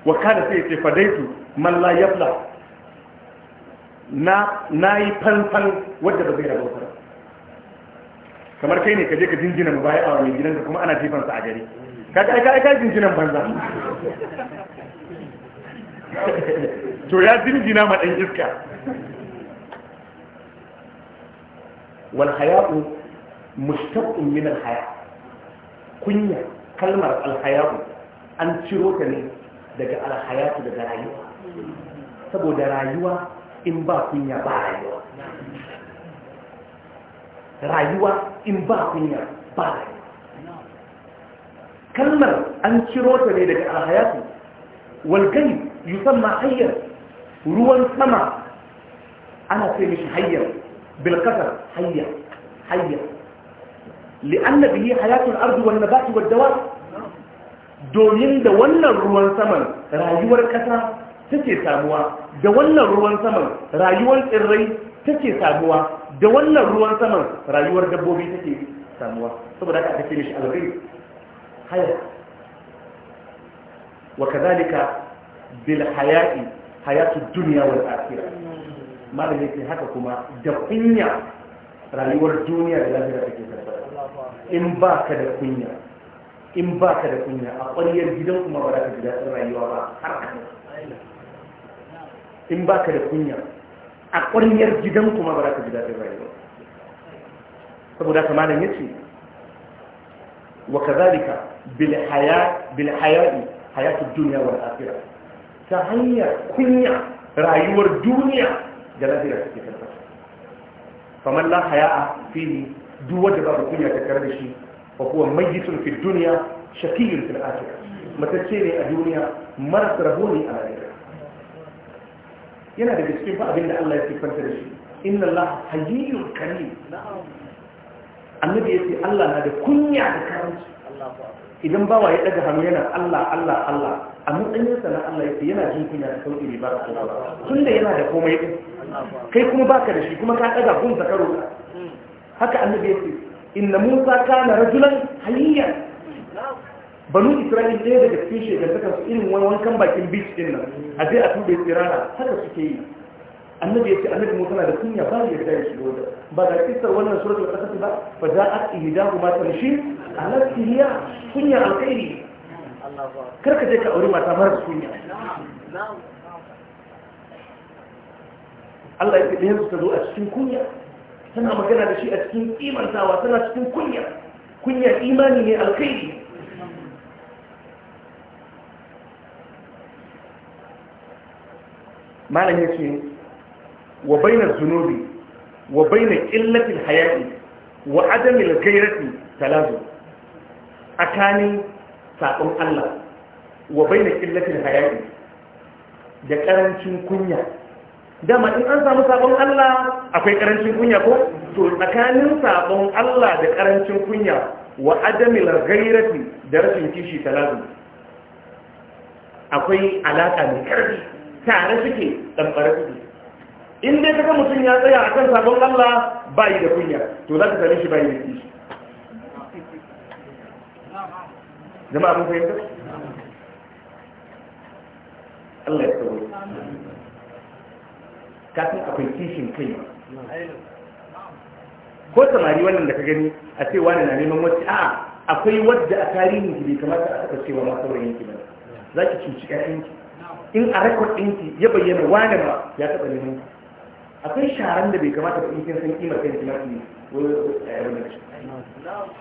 wa kada sai ce fadaitu man la yafla na nayi fanfan wadda ba zai rabu ba kamar kai ne ka je ka jinjina mu baya a mai gidanka kuma ana jifansa a gari ka ka ka jinjinan banza to ya jinjina ma dan iska wal haya'u mushtaqqun min al haya kunya kalmar al haya'u an ciro ta ne daga al haya'u daga rayuwa saboda rayuwa in ba kunya ba rayuwa rayuwa in ba kunya ba kalmar an ciro ta ne daga al haya'u wal ghaib يسمى حير ruwan sama ana ce mishi hayyar bilkasar hayyar hayyar li'anna bihi hayatul ardi wan nabati wad dawa domin da wannan ruwan saman rayuwar kasa take samuwa da wannan ruwan saman rayuwar tsirrai take samuwa da wannan ruwan saman rayuwar dabbobi take samuwa saboda haka aka ce mishi alghayb hayar wa kadhalika bil hayati hayatu dunya wal akhirah malam yake haka kuma da kunya rayuwar duniya da lafiya take tattara in ba ka da kunya in ba ka da kunya a ƙwariyar gidan kuma ba za ka jira daɗin rayuwa ba har ka in ba ka da kunya a ƙwariyar gidan kuma ba za ka jira daɗin rayuwa saboda haka malam yace wa kazalika bil haya bil haya'i dunya wal akhirah ta hanyar kunya rayuwar duniya da lafiyar suke karfa kamar haya a fili duk wanda babu kunya ta da shi ba kuwa mai fi duniya shaqiyun fil afirka matacce ne a duniya marasa rabo ne a lahira yana da gaske ba abinda Allah ya kwanta da shi inna Allah hayyun karim annabi yace Allah na da kunya da karanci idan bawa ya daga hannu yana Allah Allah Allah a matsayinsa na Allah yake yana jin kunya da sauki ne ba ka sauki tun yana da komai din kai kuma baka da shi kuma ka daga gun zakaro haka annabi yake inna Musa kana rajulan haliyan banu Isra'il ɗaya daga cikin shekaru shekarun irin wani wankan bakin beach din nan a je a tube tsirara, haka suke yi annabi yace annabi Musa na da kunya ba ya yarda ya shigo da ba da kisar wannan suratul qasas ba fa za'at ihdahu ma tamshi ala tiya kunya alkhairi ka je ka aure mata mara kunya Allah ya ɗaya su ta zo a cikin kunya tana magana da shi a cikin imantawa tana cikin kunya kunya imani ne alkhairi malam ya ce wa bainar zunubi wa bainar illatin hayati wa adamin gairati talazu tsakanin sabon Allah wa bainar illatin hayati da ƙarancin kunya dama in an samu sabon Allah akwai ƙarancin kunya ko to tsakanin sabon Allah da ƙarancin kunya wa adamin gairati da rashin kishi talazu akwai alaƙa mai ƙarfi tare suke ɗanɓare suke in dai kaga mutum ya tsaya a kan sabon Allah yi da kunya to za ka same shi yi da kishi jama'a mun fahimta Allah ya tsoro kafin akwai kishin kai ko samari wannan da ka gani a ce wani na neman wacce a akwai wadda a tarihin ki bai kamata a saka cewa masu wurin yanki ba za ki cuci ƴaƴanki in a rekod ɗinki ya bayyana wani ma ya taɓa neman ki akwai sharan da bai kamata ba in san kimar kai kimar ki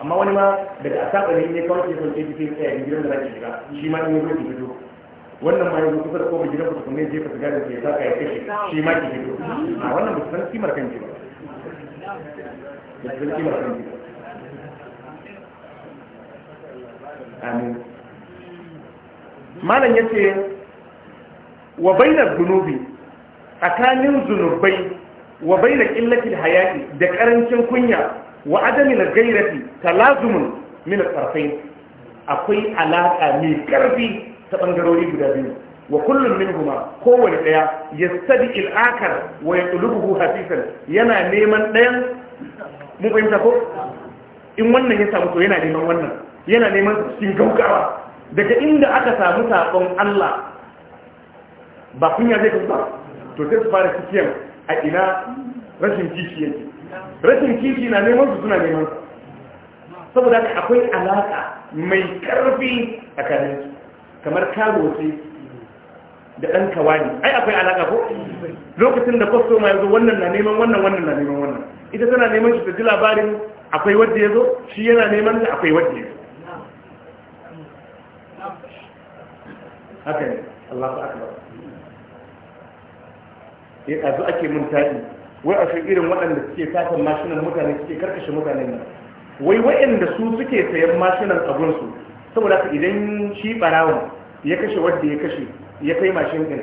amma wani ma daga saba ne ne kawai ke son ke cikin tsaya gidan da zaki shiga shi ma in yazo ki fito wannan ma yanzu kusa da kofar gidan ku kuma je ka shiga da ke saka ya kashe shi ma ki fito a wannan ba san kimar kanki ba ba san kimar kanki ba amin malam yace wa bainar zunubi tsakanin zunubai wa baina qillatil hayati da karancin kunya wa na gairafi talazumun min al akwai alaka mai karfi ta bangarori guda biyu wa kullum minhuma kowane daya yastadi al-akhar wa yatlubuhu hafisan yana neman dayan mun ta ko in wannan ya samu to yana neman wannan yana neman cikin gaugawa daga inda aka samu sabon Allah ba kunya zai ba to sai su fara cikin a ina rashin kishi yake rashin kishi na neman su suna neman su saboda ka akwai alaƙa mai ƙarfi a kanin kamar karo ce da ɗan kawani ai akwai alaƙa ko lokacin da kwasto ma yanzu wannan na neman wannan wannan na neman wannan ita tana neman shi ta ji labarin akwai wadda ya zo shi yana neman ta akwai wadda ya zo haka ne Allah akbar ya eh, ɗazu ake mun taɗi wai a irin waɗanda suke satan mashinan mutane suke karkashe mutane ne wai waɗanda su suke sayan mashinan abunsu saboda ka idan shi ɓarawon ya kashe wadda ya kashe ya kai mashin ɗin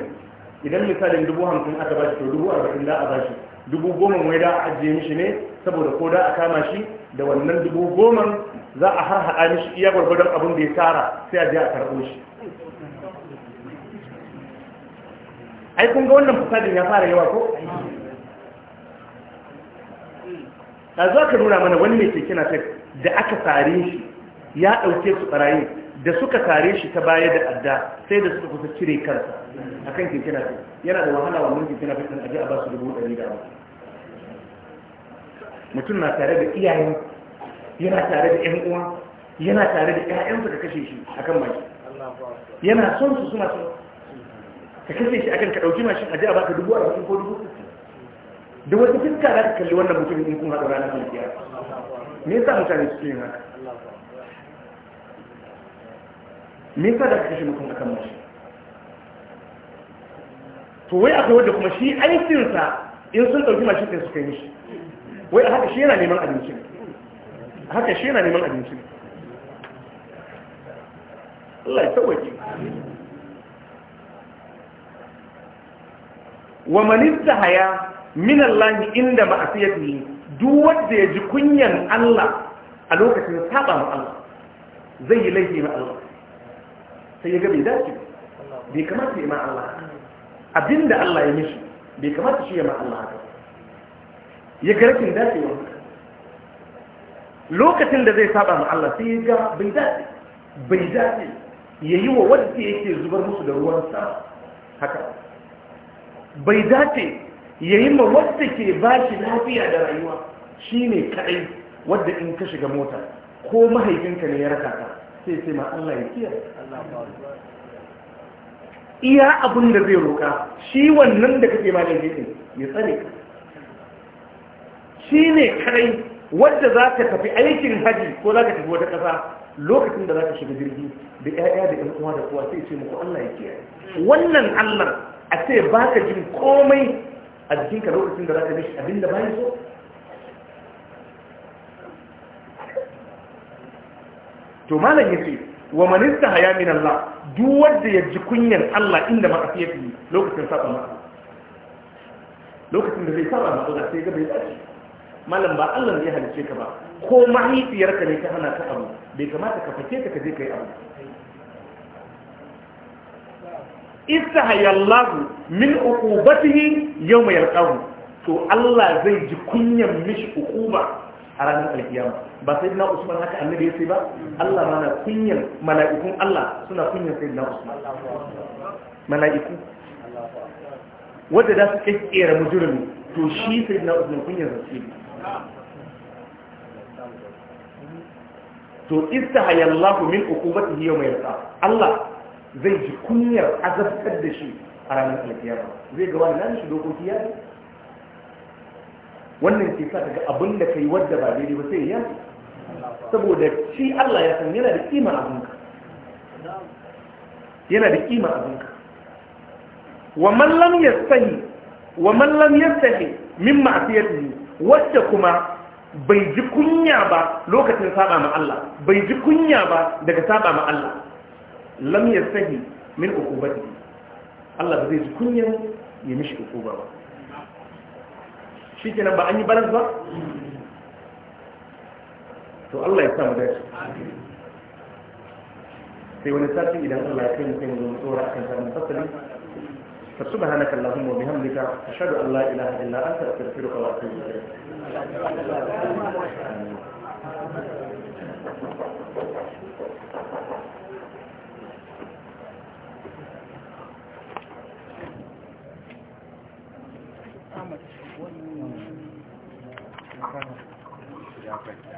idan misalin dubu hamsin aka bashi to dubu arba'in da a bashi dubu goma wai da a ajiye mishi ne saboda ko da a kama shi da wannan dubu goma za a harhaɗa mishi iya gwargwadon abin da ya tara sai a je a karɓo shi ai kun ga wannan fasadin ya fara yawa ko a zuwa ka nuna mana wani mai keke na da aka tsare shi ya ɗauke su ɓarayi da suka tsare shi ta baya da adda sai da suka kusa cire kansa a kan keke na yana da wahala mun keke na tek aji a ba su dubu ɗari da mutum na tare da iyayen yana tare da ƴan uwa yana tare da ƴaƴansa da kashe shi akan maki yana son su suna son ka kashe shi akan ka ɗauki mashin a ji a baka dubu arba'in ko dubu da wata fiska za ka kalli wannan mutumin in kun haɗa ranar kwanciya me yasa mutane suke yin haka me yasa za ka kashe mutum akan mashin to wai akwai wanda kuma shi aikinsa in sun ɗauki mashin ɗin suka yi shi wai haka shi yana neman abinci haka shi yana neman abinci Allah ya tsawaki wa manista haya Allah inda ma'asiyatihi duk wanda ya ji kunyan Allah a lokacin saba ma Allah zai yi laifi ma Allah sai ya ga bai dace bai kamata ya ma Allah abinda Allah ya mishi bai kamata shi ya ma Allah haka ya ga rashin dacewa lokacin da zai saba ma Allah sai ya ga bai dace bai dace yayi wa wanda yake zubar musu da ruwan sa haka bai dace ya yi ma wadda ke ba shi lafiya da rayuwa shi ne kaɗai wadda in ka shiga mota ko mahaifinka ne ya raka ta. sai sai ma Allah ya kiyar iya abin da zai roƙa shi wannan da kake ma da ya tsare ka shi ne kaɗai wadda za ka tafi aikin haji ko za ka tafi wata ƙasa lokacin da za ka shiga jirgi da 'ya'ya da 'yan uwa da kowa sai ce muku Allah ya kiyar wannan Allah a ce ba ka jin komai a jikinka lokacin da za ka mishi abinda bayan so to malam ya ce wa manista haya min Allah duk wanda ya ji kunyar Allah inda ma'asiyati lokacin saba ma'a lokacin da zai saba ma'a Allah sai ga bai dace malam ba Allah ne ya halice ka ba ko mahaifiyarka ne ta hana ka abu bai kamata ka fake ka je kai abu istahaya Allah min uqubatihi yawma yalqahu to Allah zai ji kunyan mishi hukuma a ranar alkiyama ba sai na usman haka annabi sai ba Allah mana kunyan mala'ikun Allah suna kunyan sai na usman mala'iku wanda da su ra mujrimi to shi sai na usman kunyan sai to istahaya Allah min uqubatihi yawma yalqahu Allah zai ji kunyar azabtar da shi a ranar alkiyama zai ga wani shi dokoki ya wannan ke sa daga abin da yi wadda ba daidai ba sai ya saboda shi Allah ya san yana da kima abinka yana da kima abinka wa mallam ya yastahi wa mallam ya yastahi min ne wacce kuma bai ji kunya ba lokacin saba ma Allah bai ji kunya ba daga saba ma Allah lam sahi min ukubati, Allah ba zai ji kunyan ya mishi ukuba ba shikenan ba an yi balance ba to Allah ya sa mu dace sai wani sati idan Allah ya kai mu kai mu zo hana kan fasali fa subhanaka allahumma wa bihamdika ashhadu an la ilaha illa anta astaghfiruka wa atubu happen